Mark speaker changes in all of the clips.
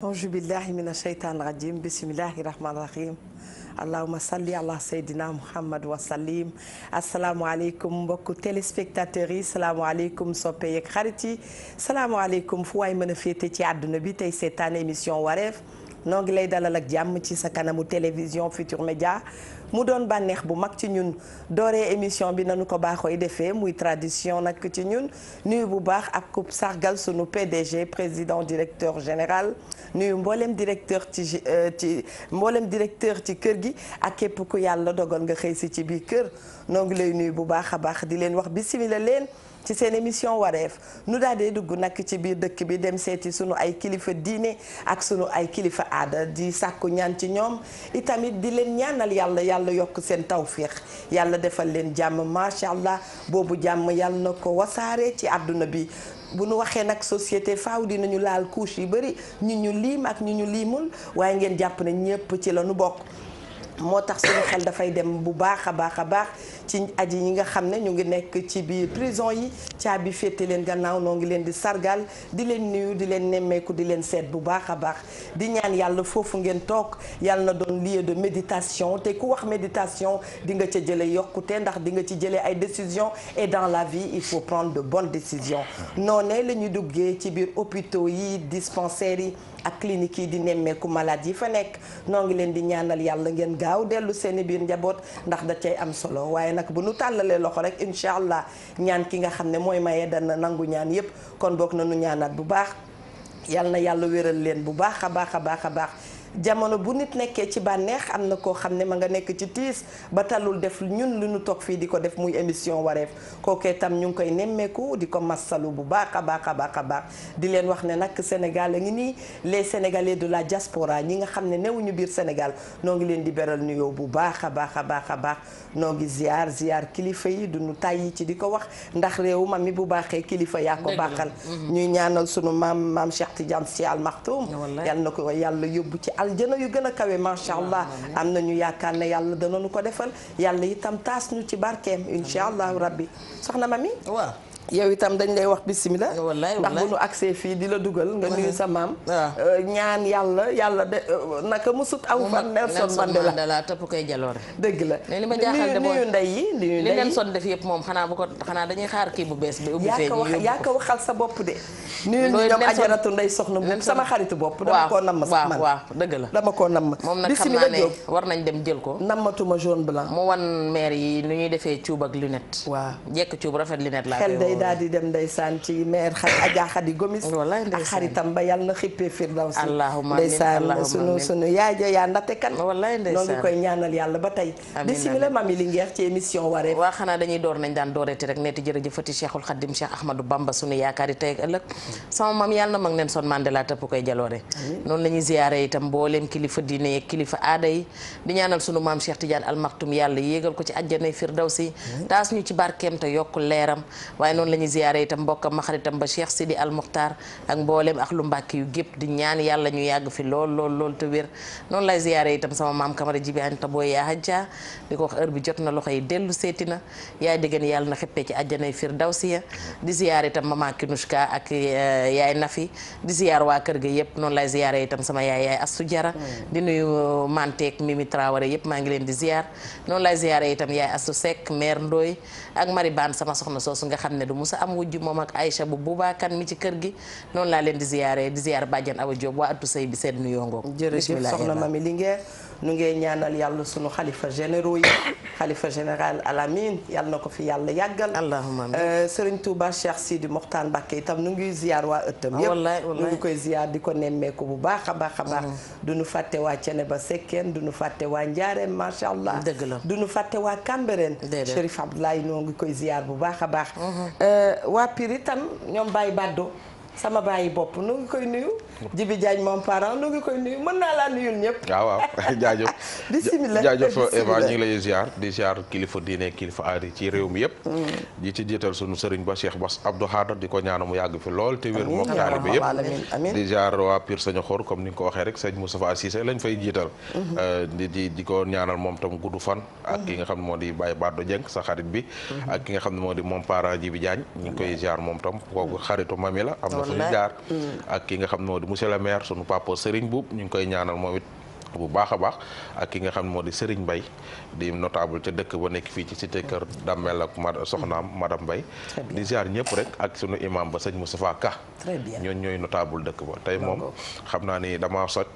Speaker 1: auzu billahi min asheytaan rajim bisimillahi rahmaani rahim allahuma salli ala seydina muhammad wa sallim asalaamaaleykum mbokku téléspectateurs yi salaamaaleykum soppe yeeg xarit yi salaamaaleykum fu waay mën a féete ci àdduna bi tey seetaan émission wareef noo ngi lay dalal ak jàmm ci sa kanamu télévision Futur Média mu doon bànneex bu mag ci ñun dooree émission bi nanu ko baaxooy defee muy tradition nag ci ñun nuyu bu baax ak ku sargal sunu PDG président directeur général nuyu mboolem directeur ci euh, ci mboolem directeur ci kër gi ak képp ku yàlla dogal nga xëy si ci bii kër noo ngi lay nuyu bu baax a baax di leen wax bismillah leen ci seen émission wareef nu daal di dugg nag ci biir dëkk bi dem seeti sunu ay kilifa diine ak sunu ay kilifa aada di sàkku ñaan ci ñoom itamit di leen ñaanal yàlla yàlla yokk seen tawféex yàlla defal leen jàmm macha allah boobu jàmm yàlla na ko wasaare ci àdduna bi bu nu waxee nag société faw faaw dinañu laal couche yu bëri ñu ñu liim ak ñu ñu liimul waaye ngeen jàpp ne ñëpp ci la nu bokk moo tax suñu xel dafay dem bu baax a baax a baax ci aji yi nga xam ne ñu ngi nekk ci biir prison yi caabi féete leen gannaaw noo ngi leen di sargal di leen nuyu di leen nemmeeku di leen seet bu baax a baax di ñaan yàlla foofu ngeen toog yàlla na doon lieu de méditation te ku wax méditation di nga ca jële yokkute ndax di nga ci jëlee ay décisions et dans la vie il faut prendre de bonnes décisions noonee la ñuy duggee ci biir hôpitaux yi dispensaires yi ak clinique yi di nemmeeku malaat yi fa nekk noo ngi leen di ñaanal yàlla ngeen gaaw dellu seen i biir njaboot ndax da cay am solo waaye nag bu nu tàllalee loxo rek incha allah ñaan ki nga xam ne mooy maye dana nangu ñaan yépp kon bokk na nu ñaanaat bu baax yàlla na yàlla wéral leen bu baax a baax a baax a baax jamono bu nit nekkee ci bànneex am na koo xam ne ma nga nekk ci tiis ba talul def ñun lu ñu toog fii di ko def muy émission wareef kookee tam ñu ngi koy nemmeeku di ko massalu bu baax a baax a a baax di leen wax ne nag Sénégal a ngi nii les Sénégalais de la diaspora ñi nga xam ne ñu biir Sénégal noo ngi leen di beral nuyoo bu baax a baax a baax a baax noo ngi ziar ziar kilifa yi duñu tàyyi ci di ko wax ndax réew ma mi bu baaxee kilifa yaa ko baaxal mm-hmm. ñuy ñaanal sunu maam maam Cheikh Tidiane Sy Al yàlla yóbbu ci aljana yu gën a kawe macha allah am ñu yaakaar ne yàlla danañu ko defal yàlla itam taas ñu ci barkeem incha allah rabbi soxna mami waaw yow itam dañ lay wax bisimilah. wallaay ndax bu nu accès fii di la dugal. nga nuyu sa maam. Euh, ñaan yàlla yàlla de euh, naka musut aw fan. Nelson Mandela Mandela tëpp koy jaloore. dëgg la ma jaaxal de mooy yi nuyu ndey
Speaker 2: def yëpp moom xanaa bu ko xanaa dañuy xaar kii bu bees bi. ubbi fee ñu yaa ko
Speaker 1: waxal sa bopp de. nuyu ñu ñoom ajaratu sama xaritu bopp. dama koo namm sa man waaw dëgg la. dama koo namm moom nag xam naa war nañ dem jël ko. nammatuma jaune
Speaker 2: blanc. mu wan maire yi nu ñuy defee cuub ak lunette. waaw jekk cuub rafet lunette laa daal di
Speaker 1: dem ndeysaan ci maire Adja Khady Gomis ak xaritam ba yàlla na xippee firdaws si ndeysaan sunu sunu yaay ja yaa ndate kan noonu koy ñaanal yàlla ba tey bisimila
Speaker 2: mami Linguère ci émission waree waa xanaa dañuy door nañ daan dooreeti rek neeti jërëjëfati Cheikhul Khadim Cheikh Ahmadou Bamba sunu yaakaar yi tey ak ëllëg sama mam yàlla na mag neen son Mandela tëpp koy jaloore noonu la ñuy ziyaare itam mbooleem kilifa diine yeeg kilifa aada yi di ñaanal sunu maam Cheikh Tidiane Al Maktoum yàlla yéegal ko ci àjjanay firdawsi taas ñu ci barkeem te yokk leeram waaye noonu noonu la ñuy ziyaare mbokkam ma xaritam ba Cheikh Sidi Al Muxtaar ak mboolem ak lu mbàkk yu gépp di ñaan yàlla ñu yàgg fi lool lool lool te wér noonu lay ziyaare itam sama maam Kamara Jibi Anta yi dellu seeti na yaay dégg ni yàlla na xëppee ci àjjanay firdawsi ya di ziyaare itam maman Kinushka ak eh, yaay Nafi di ziyaar waa kër ga yëpp noonu lay ziyaare itam sama yaay yaay Astu Jara di nuyu Manteek Mimi Traoré yëpp maa ngi leen di ziyaar noonu lay ziyaare itam yaay Astu Seck mère Ndoy ak Mari sama soxna soosu nga xam ne du musa am wujj moom ak ay Aïcha bu bubaakan mi ci kër gi noonu laa leen di ziyaare di ziyaar bàjjan Awa Diop waa attu sëy bi
Speaker 1: seen nuyoo ngoog jërëjëf soxna mami nu ngee ñaanal yàlla sunu xalifa généraux yi xalifa général Alamine yàlla na ko fi yàlla yàggal. allahumma amiin euh, Serigne Touba Cheikh Sidi Mokhtar itam nu ngi ziar waa ëttam yëpp wallaay wallaay nu ngi koy ziar di ko nemmeeku bu baax a baax a baax. du nu fàtte waa ba Sekkeen du nu fàtte waa Njaareem macha allah. dëgg la du fàtte waa Cambérène. déedéet Chérif Abdoulaye noo ngi koy ziar bu baax a baax. Mhm. Euh, waa Pire itam ñoom Baye Baddo sama bàyyi bopp nu ngi koy nuyu. Jibi Diagne moom parent nu ngi koy nuyu mën naa laa nuyul ñëpp.
Speaker 3: waaw waaw jaajëf.
Speaker 1: bisimilah jaajëf Eva ñu ngi
Speaker 3: lay ziar di ziar kilifa diine kilifa aari ci réew mi yëpp. Mm. di ci jiital sunu sëriñ ba Cheikh Bass Abdou xaata di ko ñaanal mu yàgg fi lool te wér moom taalibe yëpp di comme ni ko waxee rek sëñ Moustapha Cissé lañ fay jiital. Mm-hmm. Euh, di di di ko ñaanal moom tam gudd fan. Mm-hmm. ak ki nga xam ne moo di Baye Bado Dieng sa xarit bi. Mm-hmm. ak ki nga xam ne moo di moom parent Jibi Diagne ñu ngi koy ziar moom tam kooku mm. xaritu mami la am na fu jaar mm. ak ki nga xam ne moo monsieur le maire sunu papa Serigne Boub ñu ngi koy ñaanal moom it bu baax a baax ak ki nga xam moo di Serigne mbay di notable ca dëkk ba nekk fii ci cité kër Damel ak ma soxnaam madame mbay di ziar ñëpp rek ak sunu imam ba sëñ Moustapha Ka ñooñ ñooy notable dëkk ba tey moom xam naa ni damaa soj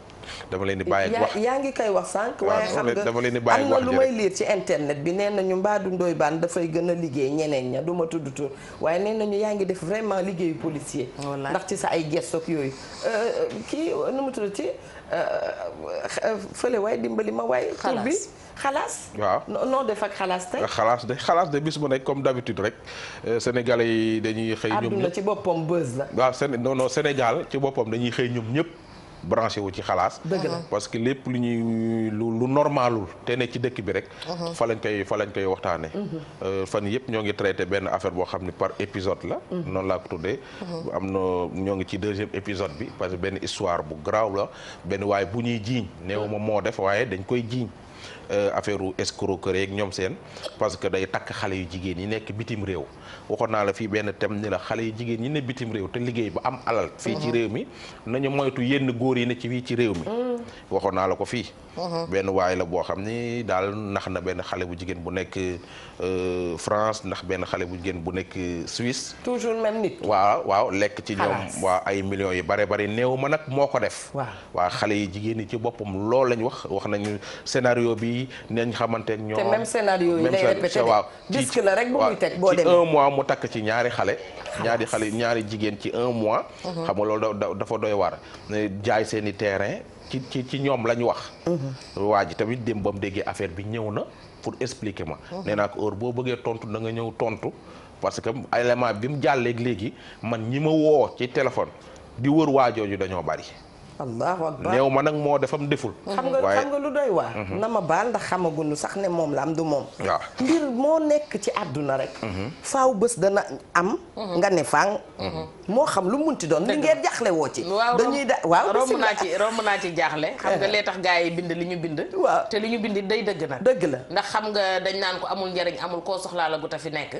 Speaker 3: dama leen di bàyyi wax
Speaker 1: yaa ngi koy wax sànq. waaye xam nga dama leen di bàyyi wax am na internet bi nee nañu Mbadou Ndoye Bane dafay gën a liggéey ñeneen ña du ma waaye nee nañu yaa ngi def vraiment liggéeyu policier. ndax ci sa ay gestoog yooyu. Euh, euh, kii nu ci euh, fële waaye dimbali ma waaye. tur bi waaw noo def ak xalaas tey.
Speaker 3: de xalaas de bis bu nekk comme d'habitude rek sénégalais yi dañuy xëy. ñoom ñëpp ci
Speaker 1: boppam buzz la.
Speaker 3: waaw Séné non non Sénégal ci boppam dañuy xëy ñoom ñëpp branché wu ci xalaas parce que lépp lu ñuy lu normalul te ne ci dëkk bi rek uh-huh. fa lañ koy fa lañ koy waxtaane uh-huh. euh, fan yëpp ñoo ngi traité benn affaire boo xam ni par épisode la uh-huh. noonu laa ko tuddee am na ñoo ngi ci deuxième épisode bi parce que benn histoire bu garaaw la benn waaye bu ñuy jiiñ néew ma moo def waaye dañ koy jiiñ Euh, affaire u escroquerie ak ñoom seen parce que day takk xale yu jigéen yi nekk bitim réew waxoon naa la fii benn thème ni la xale yu jigéen ñi ne bitim réew te liggéey ba am alal fii ci mhm. réew mi nañu moytu yenn góor yi ne ci fii ci réew mi mhm. waxoon naa la ko fii mhm. benn waay la boo xam ni daal nax na benn xale bu jigéen bu nekk euh, France ndax benn xale bu jigéen bu nekk Suisse toujours même nit waaw lekk ci ñoom waa ay millions yu bare bari néew ma nag moo ko def waa xale yi jigéen yi ci boppam loolu studio bi nañ xamante ak ñoom. te même
Speaker 1: scénario yi lay répété waaw disque la rek bu muy teg boo demee ci un mois
Speaker 3: mu takk ci ñaari xale. Ah, ñaari xale ñaari jigéen ci un mois. Mhm. xam dafa doy war jaay seen i terrain ci ñoom la ñu wax. Mhm. waa ji tamit dem ba mu déggee affaire bi ñëw na pour expliquer ma. Mhm. nee naa ko heure boo bëggee tontu na nga ñëw tontu. parce que élément bi mu jàlleeg léegi man ñi ma woo ci téléphone di wër waajooju dañoo bari
Speaker 1: allahu akbar néew ma
Speaker 3: nag moo defam deful. xam nga xam nga
Speaker 1: lu doy waar. Mhm. na ma baal ndax xamaguñu sax ne moom la am du moom. waaw mbir moo nekk ci àdduna rek. Mhm. faaw bés dana am. Mhm. nga ne fang. moo xam lu munti doon ni ngeen jaaxle woo ci. dañuy da waaw romb naa ci naa
Speaker 2: ci jaaxle. xam eh. tax gaa yi bind li ñu bind. waaw te li ñu bind day dëgg nag. dëgg la ndax xam nga dañ naan ko amul njariñ amul koo soxlaa la gu fi nekk.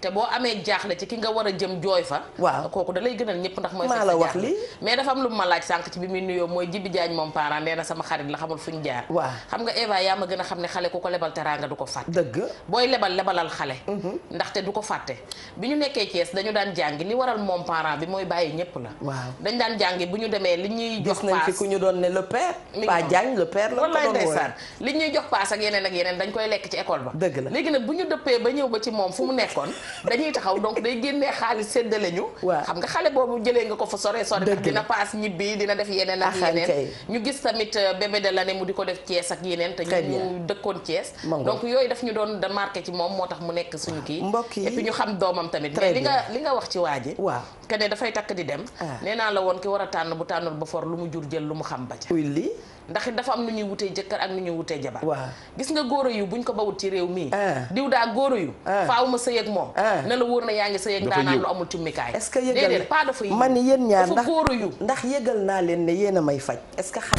Speaker 2: te boo amee jaaxle ci ki nga war a jëm jooy fa. waaw kooku da gënal ñëpp ndax mooy. maa la mais dafa muy nuyoo mooy Jibi Jaañ moom parent nee na sama xarit la xamul fu ñu jaar waaw xam nga Eva yaa ma gën a xam ne xale ku ko lebal teraanga du ko fàtte jox paas ak yeneen ak yeneen dañ koy lekk ci école ba dëgg la léegi nag bu ñu dëppee ba ñëw ba ci moom fu mu nekkoon dañuy taxaw donc day génnee xaalis séddale ñu xam nga xale boobu jëlee nga ko fa sore sore dina paas ñibbi dina def yeneen yeneen ak yeneen ñu gis tamit euh, bébé la ne mu di ko def Thiès ak yeneen te ñu dëkkoon Thiès donc yooyu daf ñu doon marqué ci moom moo tax mu nekk suñu kii mbokk yi et ñu xam doomam tamit mais li nga li nga wax ci waa ji waaw que dafay takk di dem ah. nee naa la woon ki war a tànn bu tànnul ba for lu mu jur jël lu mu xam ba ca ndax it dafa am nu ñuy wutee jëkkër ak nu ñuy wutee jabar waa gis nga góor yu buñ ko bawut ci réew mii ah. diw daa góor yu ah. faaw ma sëy ak moom ah. na la wóor na yaa ngi sëy ak daanaan lu amul cummikaay
Speaker 1: est-ce que yëgal pas dafa man yéen ñaar ndax góor yu ndax yëgal naa leen ne yéen a may faj est-ce que xam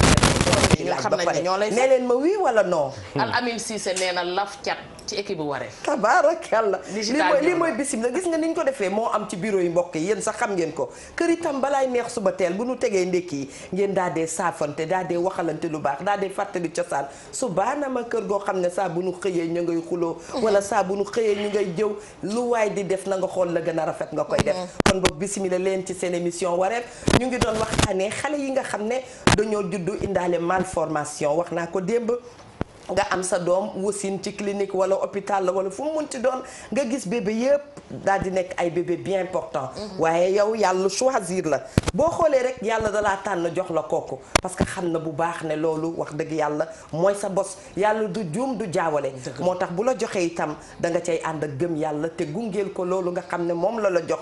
Speaker 1: xam nañ ne ñoo lay ne leen ma wii wala non. al
Speaker 2: amin Cissé nee na laf cat ci équipe bu waree.
Speaker 1: tabaarakalla li mooy li mooy bisim gis nga ni ñu ko defee moo am ci bureau yi mbokk yi yéen sa xam ngeen ko kër itam balaay neex suba teel bu nu tegee ndékki yi ngeen daa dee saafante daa dee waxalante lu baax daa dee fàttali cosaan su baana ma kër goo xam ne saa bu nu xëyee ñu ngay xuloo wala saa bu nu xëyee ñu ngay jëw lu waay di def na nga xool la gën a rafet nga koy def mm-hmm. kon boog seen émission wareef ñu ngi doon waxtaanee yi nga xam ne dañoo juddu indaale malformation wax naa ko démb nga am sa doom wasin ci clinique wala hôpital la wala fu mu munti doon nga gis bébé yëpp daal di nekk ay bébé bien important mhm. waaye yow yàlla choisir la boo xoolee rek yàlla dalaa tànn jox la kooku parce que xam na bu baax ne loolu wax dëgg yàlla mooy sa bos yàlla du juum du jaawale moo tax bu la joxee itam danga nga ànd ak gëm yàlla te gungeel ko loolu nga xam ne moom la la jox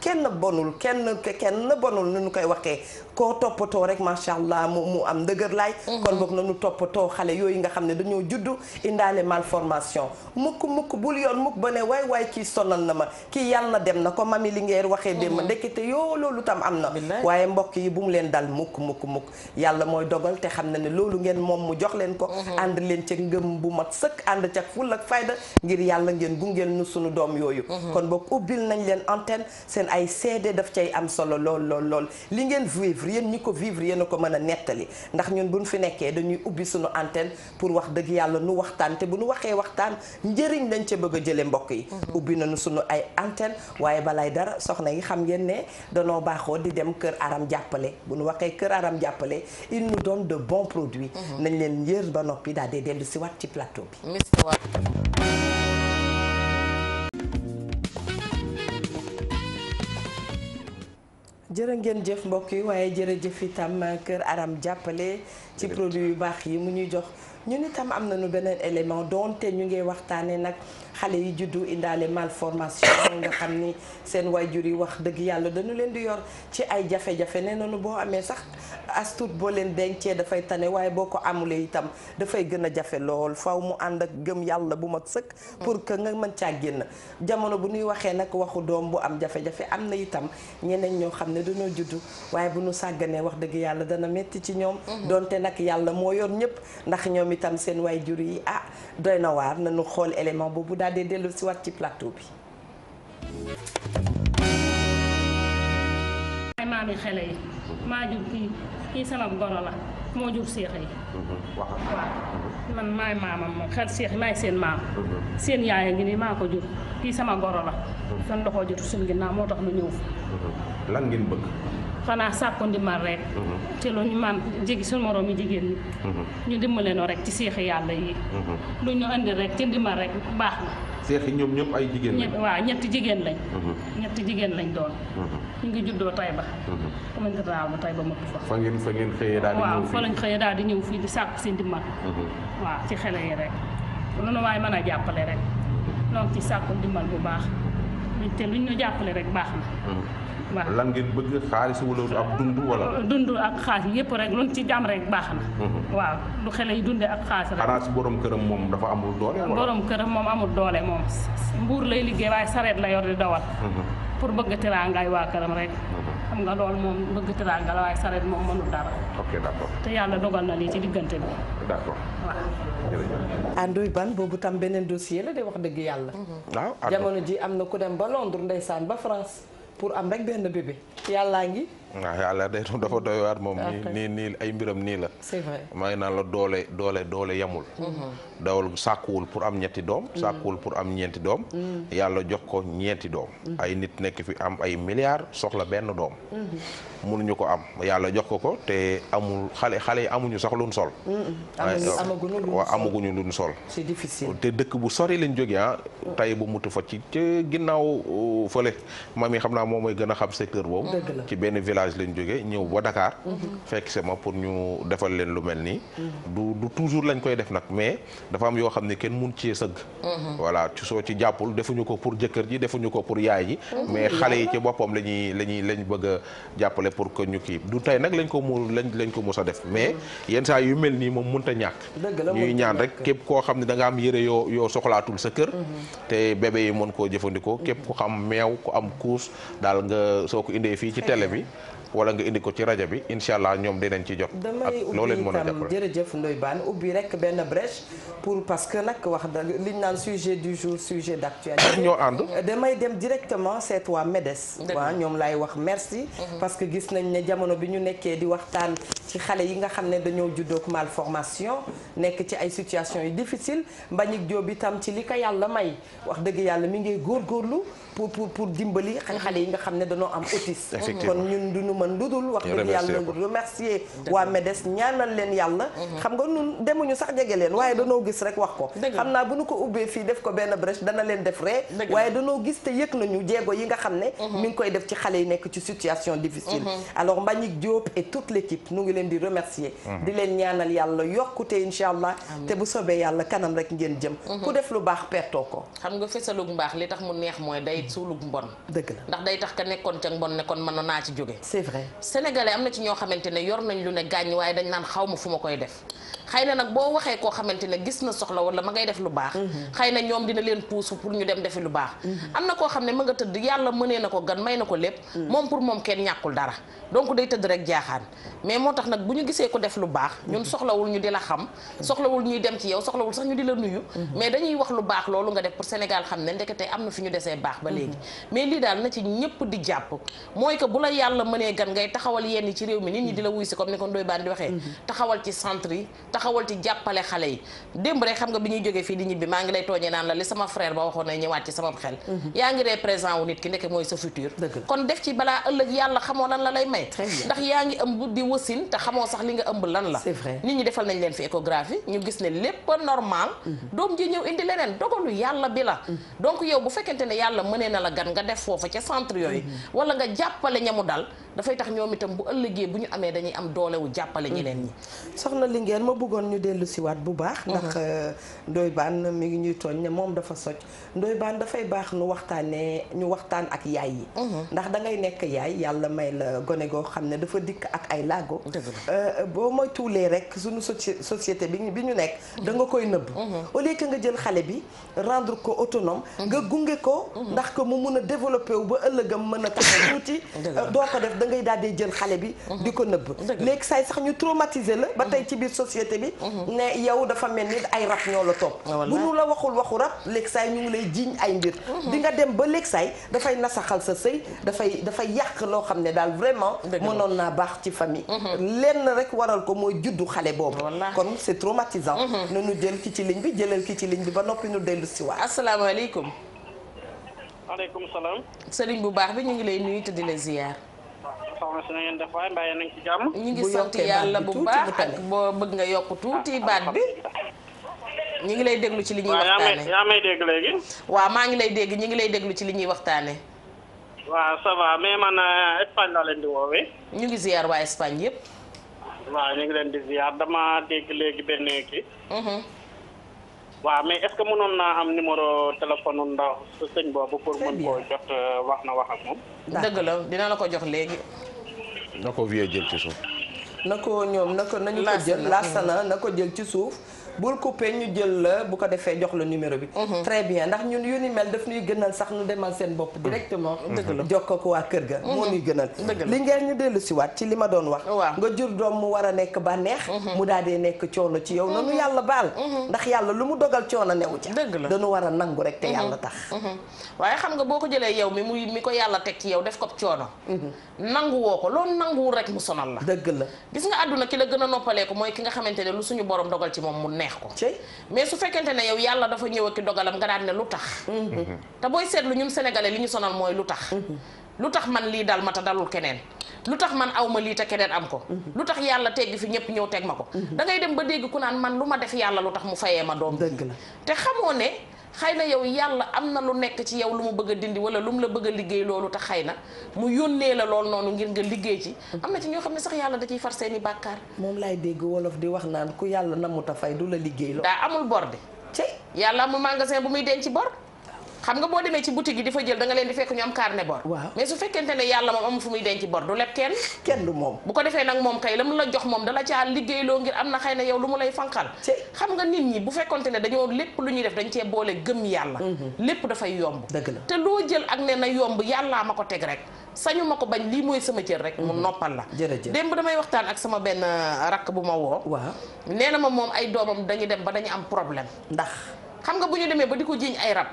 Speaker 1: kenn bonul kenn kenn bonul nu ñu koy waxee koo toppatoo rek macha allah mu mu am ndëgër ñoo judd indaale malformation mukk mukk bul yoon mukk ba ne waay waay kii sonal na ma kii yàlla dem na ko mami li ngeer waxee dem mm-hmm. ma ndekete yoo loolu tam am na waaye mbokk yi bu mu leen dal mukk mukk mukk yàlla mooy dogal te xam na ne loolu ngeen moom mu jox leen ko mm-hmm. ànd leen ca ngëm bu mat sëkk ànd ca ful ak fayda ngir yàlla ngeen gungeen nu sunu doom yooyu mm-hmm. kon boog ubbil nañ leen antenne seen ay seede daf cay am solo lool lool lool li ngeen vivre yéen ñi ko vivre yéen a ko mën a dëgg yàlla nu waxtaan te bu nu waxee waxtaan njëriñ lañ ca bëgg a jëlee mbokk yi. Mhm. ubbi nañu sunu ay antenne waaye balay dara soxna yi xam ngeen ne danoo baaxoo di dem kër aram jàppale bu nu waxee kër aram jàppale il nous donne de bons produits. Mhm. nañ leen yër ba noppi daal di dellu si waat ci plateau bi. jërë ngeen jëf mbokk yi waaye jërëjëf itam kër aram jàppale ci produit yu baax yi mu ñuy jox ñu ñun itam am na nañu beneen élément donte ñu ngi waxtaanee nag xale yi juddu indaale malformation nga xam ni seen waajur yi wax dëgg yàlla dañu leen di yor ci ay jafe nee nañu boo amee sax as tuut boo leen dencee dafay tane waaye boo ko amulee itam dafay gën a jafe lool faw mu ànd ak gëm yàlla bu mat sëkk. pour que nga mën caa génn jamono bu ñuy waxee nag waxu doom bu am jafe am na itam ñeneen ñoo xam ne dañoo juddu waaye bu sàgganee wax dëgg yàlla dana métti ci ñoom. Mhm. donte nag yàlla moo yor ñëpp ndax ñoom itam seen jur yi ah doy na waar nañu xool élément boobu daal daal di dellu si waat ci plateau bi.
Speaker 4: ay maa bi xale yi maa jur kii kii sama goro la moo jur seex yi. Mhm.
Speaker 3: waaw mhm.
Speaker 4: man maay maamam moom xel seex yi maay seen maam. Mhm. seen yaay ngi nii maa ko jur kii sama goro la. kon doxoo jotu suñu ginnaaw moo tax lu ñëw. lan ngeen bëgg. xanaa sàkku ndimbal rek. Mhm. te lu ñu man jigi suñu morom yi jigéen mhm. ñu dimbale no rek ci seexi yàlla yi. Mhm. lu ñu andi rek ci ndimbal rek baax na.
Speaker 3: seex yi ñoom ñëpp ay jigéen lañ. waaw
Speaker 4: ñetti jigéen lañ. ñetti jigéen lañ doon. ñu ngi juddoo Taïba. ba Taïba motu
Speaker 3: fa. ngeen fa ngeen
Speaker 4: xëyee daal di ñëw fii di sàkku si ndimbal. waaw ci xele yi rek. lu nu waaye mën a jàppale rek. donc ci sàkku ndimbal bu baax te luñ ñu jàppale rek baax na
Speaker 3: lan ngeen bëgg xaalis wala ab dund wala
Speaker 4: dund ak xaas yëpp rek lu ci jàmm rek baax na mm-hmm. waaw lu xale yi dundee ak xaas rek xanaa si
Speaker 3: borom këram moom dafa amul doole wala borom
Speaker 4: moom amul doole moom mbuur lay liggéey waaye sareet la yor di dawal mm-hmm. pour bëgg teraangaay waa këram rek mm-hmm. xam nga lool moom bëgg teraanga la waaye sareet moom mënul dara ok te yàlla dogal na lii ci diggante bi
Speaker 1: d'accord waaw ah, Ndoye Bane boobu tam beneen dossier la de wax dëgg yàlla
Speaker 3: waaw ah, jamono
Speaker 1: ji am pour am rek benn bébé yàllaa ngi
Speaker 3: waaw yàlla day dafa doy waar moom nii nii ay mbiram nii la maa ngi la doole doole doole yamul mhm. dawul sàkkuwul pour am ñetti doom mhm. sàkkuwul pour am ñeenti doom mhm. yàlla jox ko ñeenti doom ay nit nekk fi am ay milliards soxla benn doom mënuñu ko am yàlla jox ko ko te amul xale xale yi amuñu sax luñ sol
Speaker 5: waaw amaguñu
Speaker 3: luñ sol te dëkk bu sori lañ jógee ah tey bu mutu fa ci ca ginnaaw uh, fële maam yi xam naa moom mooy gën a xam secteur boobu ci benn village village lañ jógee ñëw ba Dakar. fekk se ma pour ñu defal leen lu mel nii. du du toujours lañ koy def nag mais dafa am yoo xam ne kenn mun ci sëgg. voilà soo ci jàppul defuñu ko pour jëkkër ji defuñu ko pour yaay ji. mais xale yi ci boppam la ñuy la ñuy lañ bëgg jàppale pour que ñu kii du tey nag lañ ko mu lañ lañ ko mos a def mais yenn saa yu mel nii moom mënut a ñàkk. ñuy ñaan rek képp koo xam ne danga am yére yoo yoo soxlaatul sa kër. Mm-hmm. te bébé yi mën koo jëfandikoo képp ku xam meew ko am kuus daal nga indee fii ci télé bi wala nga indi ko ci rajo bi incha allah ñoom dinañ ci jot. ak loo leen mën a jàppale damay
Speaker 1: ubbi itam jërëjëf Ndoye Bane ubbi rek benn brèche pour parce que nag wax da liñ naan sujet du jour sujet d' ñoo ànd. damay dem directement seet waa MEDES. waa ñoom laay wax merci. Mhm. parce que gis nañ ne jamono bi ñu nekkee di waxtaan ci xale yi nga xam ne dañoo juddoog formation nekk ci ay situation yu difficile Mbagnick Diop itam ci li ko yàlla may wax dëgg yàlla mi ngi góorlu pour pour pour dimbali xale yi nga xam ne dañoo am autisme kon ñun duñu mën ludul wax dëgg yàlla remercier waa MEDES ñaanal leen yàlla mhm. xam nga ñun demuñu sax jege leen waaye mhm. danoo gis rek wax ko xam naa bu ko ubbee fii def ko benn brèche dana leen def ree waaye danoo gis te yëg nañu jéego yi nga xam ne mhm. mi ngi koy def ci xale yi nekk ci situation difficile alors Mbagnick Diop et toute l'équipe nu ngi leen di remercier di leen ñaanal yàlla yokkute incha allah te bu sobee yàlla kanam rek ngeen jëm ku def lu baax pertoo ko
Speaker 2: xam nga fesalug mbaax li tax day suulug mbon dëgg la ndax day tax ka nekkoon ca mbon ne kon mën naa ci jóge c'est vrai sénégalais am na ci ñoo xamante ne yor nañ lu ne gàññ waaye dañ naan xaw ma fu ma koy def xëy na nag boo waxee koo xamante ne gis na soxla wala ma ngay def lu baax mhm. xëy na ñoom dina leen puusu pour ñu dem defi lu baax mhm. am na koo xam ne ma nga tëdd yàlla mënee na ko gan may na ko lépp mhm. moom pour moom kenn ñàkkul dara donc day tëdd rek jaaxaan mais moo tax nag bu ñu gisee ko def lu baax ñun soxlawul ñu di la xam soxlawul ñuy dem ci yow soxlawul sax ñu di la nuyu mais dañuy wax lu baax loolu nga def pour Sénégal xam ne ndekete am na fi ñu desee baax léegi mhm. mais lii daal na ci ñëpp di jàpp mooy que bu la yàlla mënee gan ngay taxawal yenn ci réew mi nit ñi di la mhm. wuy si comme ni ko Ndoye Bane di waxee mhm. taxawal ci centre taxawal ci jàppale xale yi démb rek xam nga bi ñuy jógee fii di ñibbi maa ngi lay tooñee naan la li sama frère ba waxoon na ñëwaat ci sama xel yaa ngi dee présent wu nit ki nekk mooy sa futur kon def ci balaa ëllëg yàlla xamoo lan la lay may ndax yaa ngi ëmb di wasin te xamoo wane na la gan nga def foofa ca centre yooyu mm-hmm. wala nga jàppale ñamu dal dafay tax ñoom itam bu ëllëgee bu ñu amee dañuy am doole wu jàppale mm. ñeneen ñi.
Speaker 1: soxna li ngeen ma bëggoon ñu dellu siwaat bu baax. Mm-hmm. ndax euh, Ndoye Bane mi ngi ñuy tooñ ne moom dafa soj Ndoye Bane dafay baax nu waxtaanee ñu waxtaan ak yaay yi. Mm-hmm. ndax da nekk yaay yàlla may la gone goo xam ne dafa dikk ak ay laago. Euh, boo moytuwulee rek suñu société bi bi ñu nekk. Mm-hmm. da nga koy nëbb. ole lieu que nga jël xale bi rendre ko autonome. nga gunge ko. ndax que mu mun a développé wu ba ëllëgam mën a tax tuuti. doo ko def dangay ngay daal di jël xale bi di ko nëbb léegi saay sax ñu traumatiser la ba tey ci biir société bi mhm. Mhm. ne yow dafa mel ni ay rab ñoo la topp ah, bu ñu la waxul waxu rab léegi saay ñu ngi lay jiiñ ay mbir mhm. di nga dem ba léegi saay dafay nasaxal sa sëy dafay dafay yàq loo xam ne daal vraiment mënoon naa baax ci famille lenn rek waral ko mooy juddu xale boobu kon c'est traumatisant nañu jël ki ci ligne bi jëlal ki ci ligne bi ba noppi ñu dellu si waat asalaamaaleykum
Speaker 6: maaleykum salaam.
Speaker 1: sëriñ bu baax bi ñu ngi lay nuyu te di
Speaker 2: la ziar.
Speaker 6: soxna si na ngeen def waaye mbaa yéen a ngi ci jàmm. ñu ngi sant yàlla bu baax ak
Speaker 2: boo bëgg nga yokk tuuti ah, baat bi. ñu ngi lay déglu ci li ñuy waxtaane yaa may dégg léegi. waaw maa ngi lay dégg ñu ngi lay déglu ci li ñuy waxtaane
Speaker 6: waaw ça va mais man euh, Espagne laa leen di woowee.
Speaker 2: ñu ngi ziar waa Espagne yëpp.
Speaker 6: waaw ñu ngi leen di ziar dama dégg léegi benn kii. Mm-hmm. waaw mais est-ce que mënoon naa am numéro téléphone ndaw sëñ boobu pour mën koo jot euh, wax na wax ak moom. dëgg la dina la ko jox léegi.
Speaker 3: na ko vieux jël ci suuf.
Speaker 1: na ko ñoom na ko nañu ko jël laasana mm-hmm. na ko jël ci suuf. bul coupé ñu jël la bu ko defee jox la numéro bi. Mhm. très bien ndax ñun yu ni mel daf ñuy gënal sax ñu demal seen bopp mhm. directement. Mhm. dëgg la jokkoo ko waa kër ga. moo ñuy gënal. li ngeen ñu dellu waat ci li ma doon wax. nga jur doom mu war a nekk bànneex. mu daal di nekk coono ci yow nanu yàlla baal. ndax yàlla lu mu dogal coono newu ca. dëgg war a nangu rek te
Speaker 2: yàlla tax. waaye xam nga boo ko jëlee yow mi muy mi ko yàlla teg ci yow def ko coono. nangu woo ko a neex ko mais su fekkente ne yow yàlla dafa ñëw ak dogalam nga daan ne lu tax mm-hmm. te booy seetlu ñun sénégalais li ñu sonal mooy lu tax mm-hmm. lu tax man lii dal ma te dalul keneen lu tax man aw ma lii te keneen am ko mm-hmm. lu tax yàlla tegg fi ñëpp ñëw teg ma ko dangay dem ba dégg ku naan man lu ma def yàlla lu tax mu fayee ma doom dëgg la te xamoo ne xëy na yow yàlla am na lu nekk ci yow lu mu bëgg a dindi wala lu mu la bëgg a liggéey loolu te xëy na mu yónnee la lool noonu ngir nga liggéey ci am na ci ñoo xam ne sax yàlla da ciy far seeni bàkkaar moom lay dégg wolof di wax naan ku yàlla na mu fay du la liggéey lool daa amul bor de ci yàlla amul magasin bu muy denc bor xam nga boo demee ci boutique yi di jël da nga leen di fekk ñu am carnet bor mais su fekkente ne yàlla moom amul fu muy denc bor du leb kenn kenn du moom bu ko defee nag moom kay la la jox moom dala caa liggéeyloo ngir am na xëy na yow lu mu lay fanqal xam nga nit ñi bu fekkonte ne dañoo lépp lu ñuy def dañ cee boole gëm yàlla mm-hmm. lépp dafay yomb dëgg te loo jël ak ne na yomb yàllaa ma ko teg rek sañu ko bañ lii mooy sama cër rek mu mm-hmm. noppal la jërëjëf démb damay waxtaan ak sama benn euh, rakk bu ma woo waaw nee na ma moom ay doomam dañu dem ba dañu am problème ndax xam nga bu ñu demee ba di ko jiiñ ay rab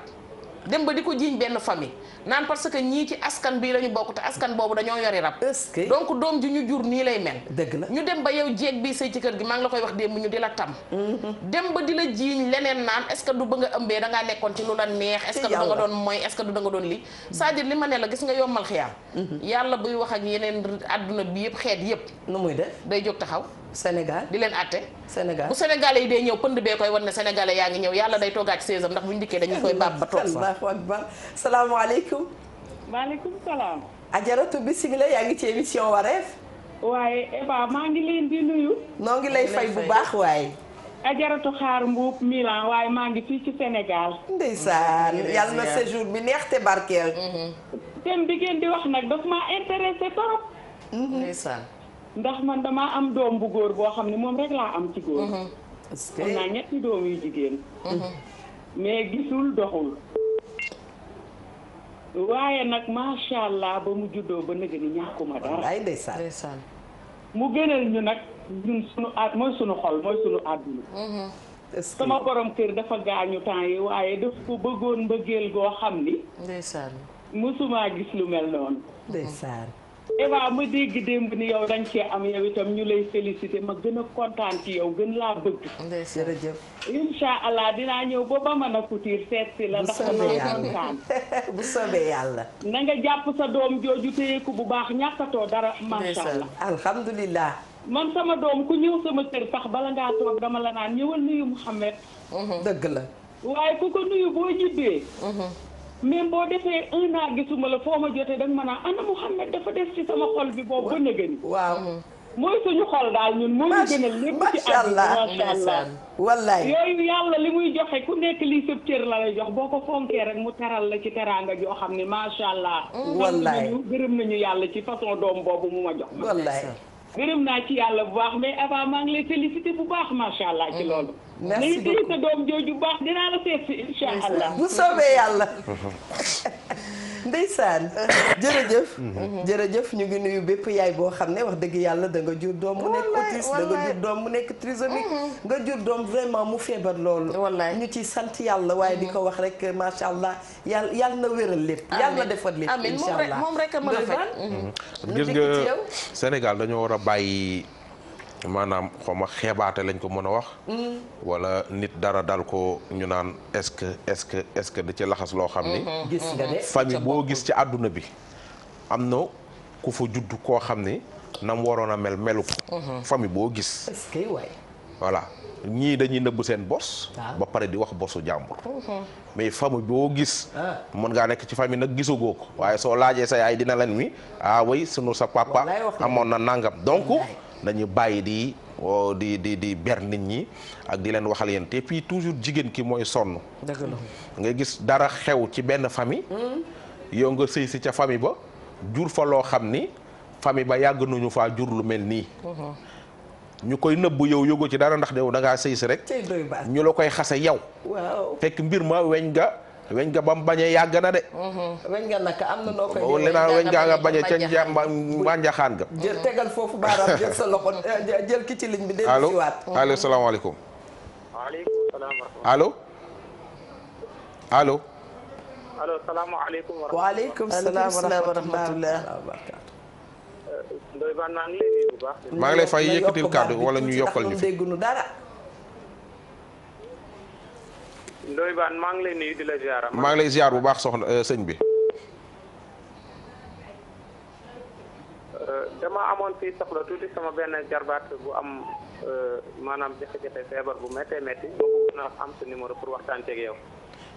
Speaker 2: dem ba di ko jiiñ benn famille naan parce que ñii ci askan bii la ñu bokk te askan boobu dañoo yori rab donc doom ji ñu jur nii lay mel dëgg la ñu dem ba yow jeeg bii sëy ci kër gi maa ngi la koy wax démb ñu di la tam mm-hmm. dem ba di la jiiñ leneen naan est ce que du ba nga ëmbee da ngaa nekkoon ci lu la neex est ce que du da nga doon mooy est ce que du da nga doon lii c'est-à-dire li ma ne la gis nga yommal xiyaam mm-hmm. yàlla buy wax ak yeneen àdduna bi yëpp xeet yëpp nu muy day jóg taxaw Sénégal di leen àtte. Sénégal bu sénégalais yi dee ñëw pënd bee koy wan na sénégalais yaa ngi ñëw yàlla day toogaat séesam ndax bu ñu dikkee dañu koy baab ba toog fa. allahu
Speaker 1: akbar salaamaaleykum. maaleykum salaam. ajaratu bisimilah yaa ngi ci émission wareef. waaye Eva maa ngi leen di nuyu. noo ngi lay
Speaker 6: fay bu baax waaye. ajaratu xaar mbuub Milan waaye maa ngi fii ci Sénégal.
Speaker 1: ndeysaan yàlla na séjour
Speaker 6: bi neex te barkeel. thème bi ngeen di wax nag daf maa intéressé trop. ndax man damaa am doom bu góor boo xam ne moom rek laa am ci góor. Mhm. est naa ñetti doom yu jigéen. Mhm. mais gisul doxul. waaye nag macha allah ba mu juddoo ba nëgë ni ñàkkuma dara. ay ndeysaan mu gënal ñu nag ñun sunu at mooy sunu xol mooy sunu àdduna. Mhm. sama borom kër dafa gaañu temps yi waaye daf ko bëggoon mbëggeel goo xam ni. ndeysaan. gis lu mel noonu. ndeysaan. Eva ma dégg démb ni yow dañ cee am yow itam ñu lay félicité ma gën a kontaan ci yow gën laa bëgg. jërëjëf. incha allah dinaa ñëw ba man mën a kutir seet si la. ndax damaa kontaan bu soobee yàlla. na nga jàpp sa doom jooju téye ko bu baax ñàkkatoo dara. macha allah alhamdulilah. man sama doom ku ñëw sama kër sax bala ngaa toog dama la naan ñëwal nuyu Mouhamed. dëgg la. waaye ku ko nuyu boo ñibbee. Mhm. même boo defee un an gisuma la foo ma jotee da nga ma naan ana Mouhamed dafa def ci sama xol bi boobu ba nëgëni. waaw mooy suñu xol daal ñun. moo ñu gënal lépp ci àdduna macha allah wallaay yooyu yàlla li muy joxe ku nekk lii sëb cër la lay jox boo ko fonkee rek mu teral la ci teraanga joo xam ne macha allah. wallaay gërëm nañu yàlla ci façon doom boobu mu ma jox. wallaay gërëm naa ci yàlla bu baax mais avant maa ngi lay félicité bu baax macha allah ci mm-hmm. loolu. merci beaucoup sa doom jooju baax dinaa la seet si incha allah. bu soobee yàlla.
Speaker 1: ndeysaan jërëjëf mhm. jërëjëf ñu ngi nuyu bépp yaay boo xam ne wax dëgg yàlla da nga jur doom mu nekk autiste nga jur doom mu nekk trisomique mhm. nga jur doom vraiment mu feebar loolu ñu ci sant yàlla waaye di mhm. ko wax rek macha allah yàlla yàlla na wéral lépp yàlla na defal lépp incha allah moom rek a mën a fekk
Speaker 3: gis nga Sénégal dañoo war a bàyyi maanaam xaw xeebaate lañ ko mën a wax. Mm. wala nit dara dal ko ñu naan est-ce que est-ce que est-ce que da ci laxas loo xam ni. Mm-hmm. Mm-hmm. gis boo gis ci àdduna bi am na ku fa judd koo xam ni nam waroon a mel melu mm-hmm. boo gis. voilà ñii dañuy nëbb seen bos. Ah. ba pare di wax bosu jàmbur. mais famille boo gis. Ah. mën ngaa nekk ci famille nag gisagoo ko waaye soo laajee sa yaay dina leen mi ah way sunu sa papa amoon na nangam donc. nañu bàyyi di oh, di di di ber nit ñi ak di leen waxal yéen te fii toujours jigéen ki mooy sonn. dëgg la nga gis dara xew ci benn famille. Mm. yow nga sëy si ca famille ba jur fa loo xam ni famille ba yàgg nañu faa jur lu mel nii.
Speaker 5: Mm-hmm.
Speaker 3: ñu koy nëbb yow yógoo ci dara ndax yow da ngaa sëy si rek. ñu la koy xase yow. waaw fekk mbir ma weñ nga. weñ nga ba mu bañee yàgg na de.
Speaker 1: Mhm. weñ nga naka am na noo koy. weñ nga weñ nga bañee ca nja
Speaker 3: mbaa njaxaan nga. jël tegal
Speaker 1: foofu baaraam jël sa loxo jël ki ci ligne bi. dellu si waat
Speaker 3: allo mhm. allo salaamaaleykum.
Speaker 1: waaleykum salaam wa rahmatulah.
Speaker 3: allo. allo.
Speaker 6: allo salaamaaleykum. waaleykum salaam wa rahmatulah. Ndoye Bane maa ngi lay nuyu bu baax. maa ngi lay fay yëkkatil kàddu
Speaker 3: wala ñu yokkal ñu fi
Speaker 1: dégguñu
Speaker 6: dara. Ndoye Bane maa ngi lay nuyu di la ziar. maa ngi lay
Speaker 3: ziar bu baax soxna euh, sëñ bi.
Speaker 6: Euh, dama amoon fii soxla tuuti sama benn jarbaat bu am euh, maanaam jafe-jafe feebar bu méttee métti ma bëgg am sa numéro pour waxtaan ceeg yow.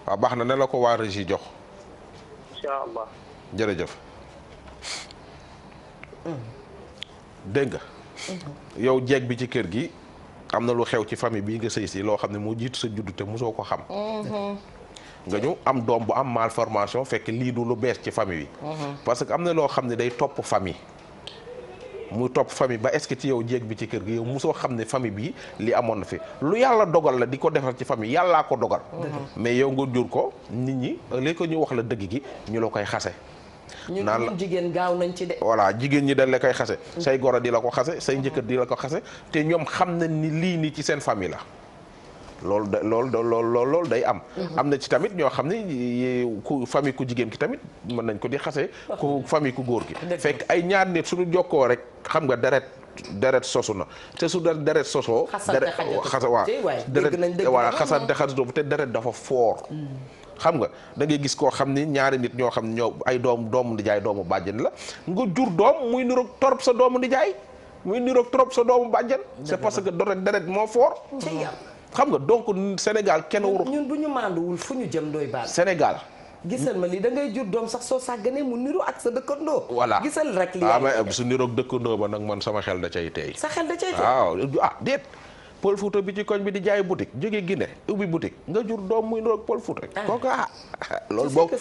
Speaker 3: waaw baax na ne la ko waa régie jox. incha allah. jërëjëf. dégg nga. Mhm. yow jeeg bi ci kër gi. am na lu xew ci famille bi nga sëy si loo xam ne moo jiitu sa juddu te mosoo ko xam.
Speaker 5: Mm-hmm.
Speaker 3: nga ñu am doom bu am mal formation fekk lii du lu bees ci famille bi. Mm-hmm. parce que am na loo xam ne day topp famille. mu topp famille ba est-ce ci yow jéeg bi ci kër gi yow mosoo xam ne famille bi li amoon na fi lu yàlla dogal la di ko defar ci famille yàllaa ko dogal. Mm-hmm. mais yow nga jur ko nit ñi léegi ko ñu wax la dëgg gi ñu la koy xase.
Speaker 1: naan jigéen gaaw nañ ci
Speaker 3: voilà jigéen ñi dañ la koy xase say goro di la ko xase say njëkkër di la ko xase te ñoom xam nañ ni lii nii ci seen famille la loolu da loolu da loolu loolu day am. Mhm. am na ci tamit ñoo xam ne ku famille ku jigéen ki tamit mën nañ ko di xase ku famille ku góor ki. fekk ay ñaar nit suñu jokkoo rek xam nga deret deret sosu na te su deret sosoo. xasante oh, xasante waaw deret xasante xasante te deret dafa foor mhm. xam nga da ngay gis koo xam ni ñaari nit ñoo xam ne ñoo ay doom doomu ndijaay doomu bàjjan la nga jur doom muy niroog trop sa doomu ndijaay muy niroog torop sa doomu bàjjen c'est parce que deret deret moo foor mm-hmm. xam nga donc Sénégal kenn wuru ñun bu ñu mànduwul fu ñu jëm doy baal Sénégal
Speaker 1: gisal ma lii da ngay jur doom sax soo sàgganee mu niru ak sa dëkkandoo. voilà
Speaker 3: gisal rek li ah su niroog dëkkandoo ba nag man sama xel da cay tey. sa xel da cay tey waaw ah déet. Paul Fouta bi ci koñ bi di jaay boutique jóge Guinée ubbi boutique nga jur doom muy ndoog Paul Fouta ah. kooku ah loolu bokk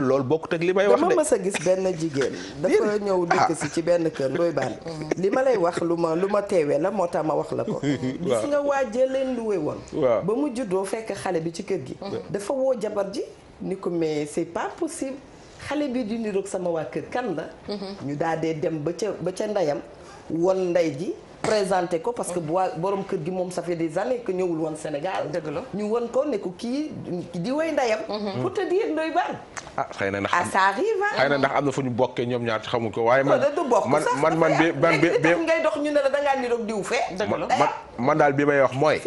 Speaker 3: loolu bokk teg li may wax de dama mës
Speaker 1: gis benn jigéen
Speaker 3: dafa ñëw
Speaker 1: dëkk si ci benn kër ndoy ah. li ma lay wax lu ma lu ma teewee la moo tax ma wax la ko gis nga waajee leen luwe woon ba mu juddoo fekk xale bi ci kër gi ah. dafa woo jabar ji ni ko mais c'est pas possible xale bi di niroog sama waa kër kan la mm-hmm. ñu daal dee dem ba ca ba ca ndeyam won ndey ji présenté ko parce que boroom kër gi moom ça fait des années que ñëwul woon Sénégal. dëgg la ñu won ko ne ko kii di woy ndeyam. Mhm. pour te dire ndoy
Speaker 3: ah xëy na ndax ah
Speaker 1: ça na
Speaker 3: ndax am na fu ñu bokkee ñoom ñaar ci xamuñ ko waaye. man man man man bi
Speaker 1: ngay dox ñu ne la da ngaa niroog diw fee. dëgg la man
Speaker 3: man daal bi may wax mooy.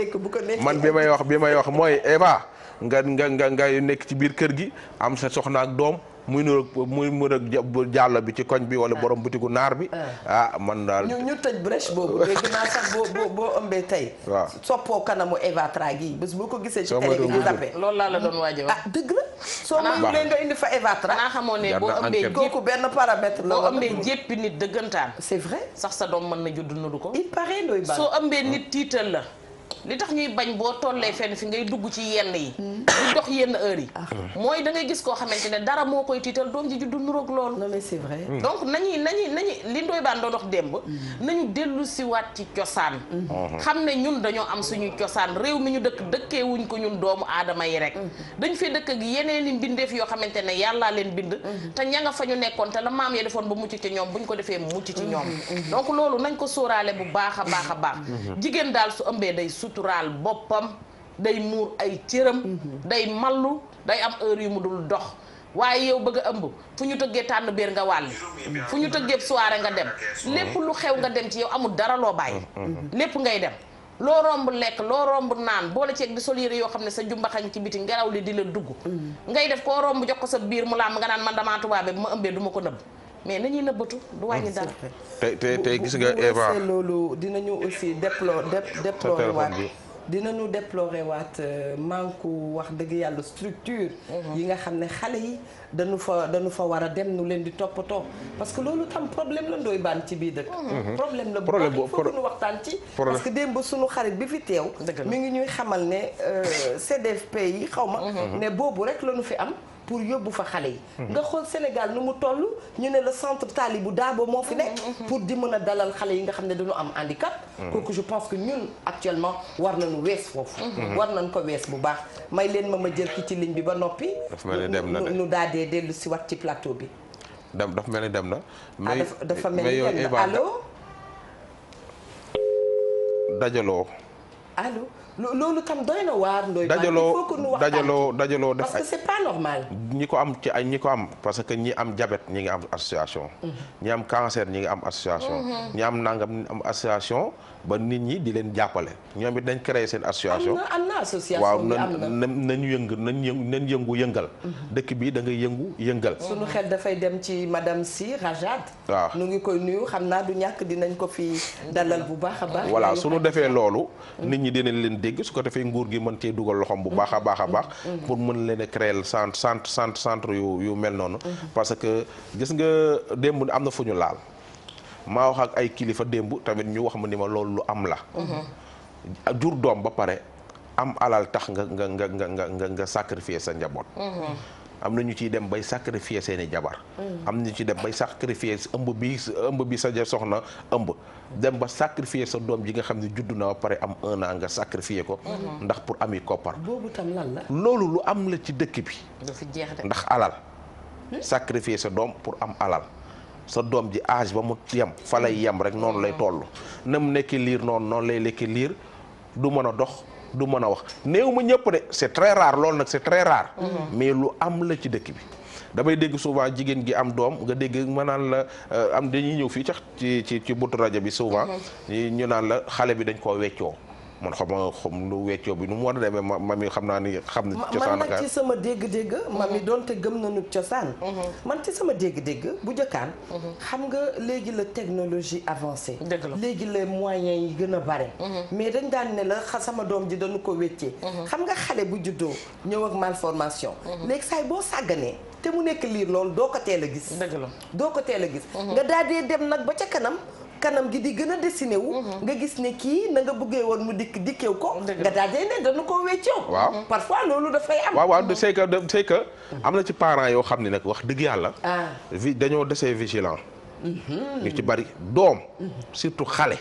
Speaker 3: man bi may wax bi may wax mooy Eva. nga nga nga nga nekk ci biir kër gi am sa soxna ak doom muy niroog muy niroog jàllo bi ci koñ bi wala ah. borom butigu naar bi ah. ah man daal ñu
Speaker 1: ñu tëj brèche boobu dégg naa sax boo boo boo ëmbee tey waaw soppoo kanamu Eva Tra gi boo ko gisee ci télé bi di zappé loolu laa la doon waaj wax ah dëgg la soo mu leen nga indi fa Eva Tra naa xamoon ne boo ëmbee kooku benn paramètre la boo ëmbee
Speaker 2: jéppi dëggantaan c'est sax sa doom mën na judd nuru ko il soo ëmbee nit tiital la li tax ñuy bañ boo tollee fenn fi ngay dugg ci yenn yi di dox yenn heure yi ah. mooy da ngay gis koo xamante ne dara moo koy tiital doom ji juddu nuroog loolu non mais c'est vrai hmm. donc nañuy nañuy nañu li ndooy baan doon wax démb hmm. nañu dellu siwaat ci cosaan
Speaker 5: hmm. xam
Speaker 2: ne ñun dañoo am suñu cosaan réew mi ñu dëkk dëkkee wuñ ko ñun doomu aadama yi rek dañ fee dëkk ak yeneeni mbindeef yoo xamante ne yàllaa leen bind te ña nga fa ñu nekkoon te la maam ya defoon ba mucc ci ñoom bu buñ ko defee mucc ci ñoom donc loolu nañ ko sóoraale bu baax a baax a baax jigéen daal su ëmbee day sut suturaal boppam day muur ay cëram mhm. day mallu day am heure yu mu dul dox waaye yow bëgg a ëmb fu ñu tëggee tànn biir nga wàlli fu ñu tëggee soirée nga dem lépp lu xew nga dem ci yow amul dara loo bàyyi mhm. lépp ngay dem loo romb lekk loo romb naan boole ceeg di sol yére yoo xam ne sa jumbaxañ ci biti ngelaw li di la dugg mhm. ngay def koo romb jox ko sa biir mu làmb nga naan man damaa tubaabe bu ma ëmbee du ma ko nëbb mais nañuy nëbbatu
Speaker 1: du
Speaker 3: wàññi dara. tey tey tey gis nga Eva
Speaker 1: loolu dinañu aussi déplor déplorer waat ñu déplorer waat manque wax dëgg yàlla structure. Mhm. yi nga xam ne xale yi danu fa danu fa war a dem nu leen di toppatoo. parce que loolu tam problème la ndooy baan ci bii dëkk. Mhm. Mhm. problème la bu baax foog ñu waxtaan ci. parce que démb suñu xarit bi fi teew. mi ngi ñuy xamal ne euh, CDFP yi xaw ma. ne boobu rek la ñu fi am. pour yóbbu fa xale yi nga xool Sénégal nu mu toll ñu ne le centre bu daabo moo fi nekk pour di mën a dalal xale yi nga xam ne dañu am handicap kooku je pense que ñun actuellement war nañu wees foofu war nañ ko wees bu baax may leen ma ma jël ki ci ligne bi ba noppi nu daal dee dellu si wat ci plateau bi
Speaker 3: dem dafa mel ni dem na ah, mais dafa mel ni dem na allo dajaloo
Speaker 1: loolu tam doy na waar. ndoy dajaloo dajaloo
Speaker 3: loo def parce que c'est ñi ko am ci ay ñi ko am parce que ñi am jabet ñi ngi am association. Mm-hmm. ñi am cancer ñi ngi am association. Mm-hmm. ñi am nangam am association. ba nit ñi di leen jàppale ñoom it dañ créer seen association
Speaker 1: am na association waaw na
Speaker 3: nañu yëngu nañ yëngu nañ yëngu yëngal mhm. dëkk bii dangay yëngu yëngal suñu
Speaker 1: xel dafay dem ci madame Sy Rajad waaw nu ngi koy nuyu xam naa du ñàkk dinañ ko fi dalal bu baax a baax voilà suñu
Speaker 3: defee loolu hmm. nit ñi dinañ leen dégg su ko defee nguur gi mën cee dugal loxoom bu hmm. baax a baax a hmm. baax pour mën leen a créer centre centre centre yu yu mel noonu parce que gis nga démb am na fu ñu laal maa wax ak ay kilifa démb tamit ñu wax ma ni ma loolu lu am la. Mm-hmm. jur doom ba pare am alal tax nga nga nga nga sa njaboot. Mm-hmm. am na ñu ciy dem bay sacrifier seeni jabar. Mm-hmm. am ñu ciy dem bay sacrifier ëmb bi ëmb bi sa soxna ëmb. dem ba sacrifier sa doom ji nga xam ne juddu na ba am nga sacrifier ko. ndax pour ami koppar. boobu tam loolu lu am la ci dëkk bi. ndax alal. Hmm? sacrifier sa doom pour am alal. sa doom ji âge ba mu yem fa lay yem rek noonu lay toll na mu nekkee liir noonu noonu lay lekkee liir du mën a dox du mën a wax néew ma ñëpp de c'est très rare loolu nag c'est très rare mhm. mais lu am la ci dëkk bi damay dégg souvent jigéen gi am doom nga dégg ma naan la euh, am dañuy ñëw fii sax ci ci ci buntu rajo bi souvent mhm. ñu naan la xale bi dañ koo weccoo man xam ma xam bi nu mu war a demee ma mami xam naa ni xam na cosaan man nag ci
Speaker 1: sama dégg-dégg mami mm-hmm. donte gëm nañu cosaan mm-hmm. man ci sama dégg-dégg bu jëkkaan mm-hmm. xam nga léegi la technologie avancée léegi la moyens yi gën a bare mais dañ daan ne la sama doom ji dañu ko wéccee xam nga xale bu juddoo ñëw ak malformation léegi saay boo sàgganee te mu nekk lii loolu doo ko teel a gis dëgg la doo ko teel a gis nga daal dee dem nag ba ca kanam kanam gi di gën a dessiné wu mhm. nga gis ne kii na nga bëggee woon mu dikk dikkew ko nga daajee ne dana ko weccew waaw parfois loolu dafay am waaw waaw de que
Speaker 3: c'est que mhm. am na ci parent yoo xam ne nag wax dëgg yàlla ah. vi dañoo desee vigilant
Speaker 1: mhm.
Speaker 5: ñu ci bari
Speaker 3: doom surtout xale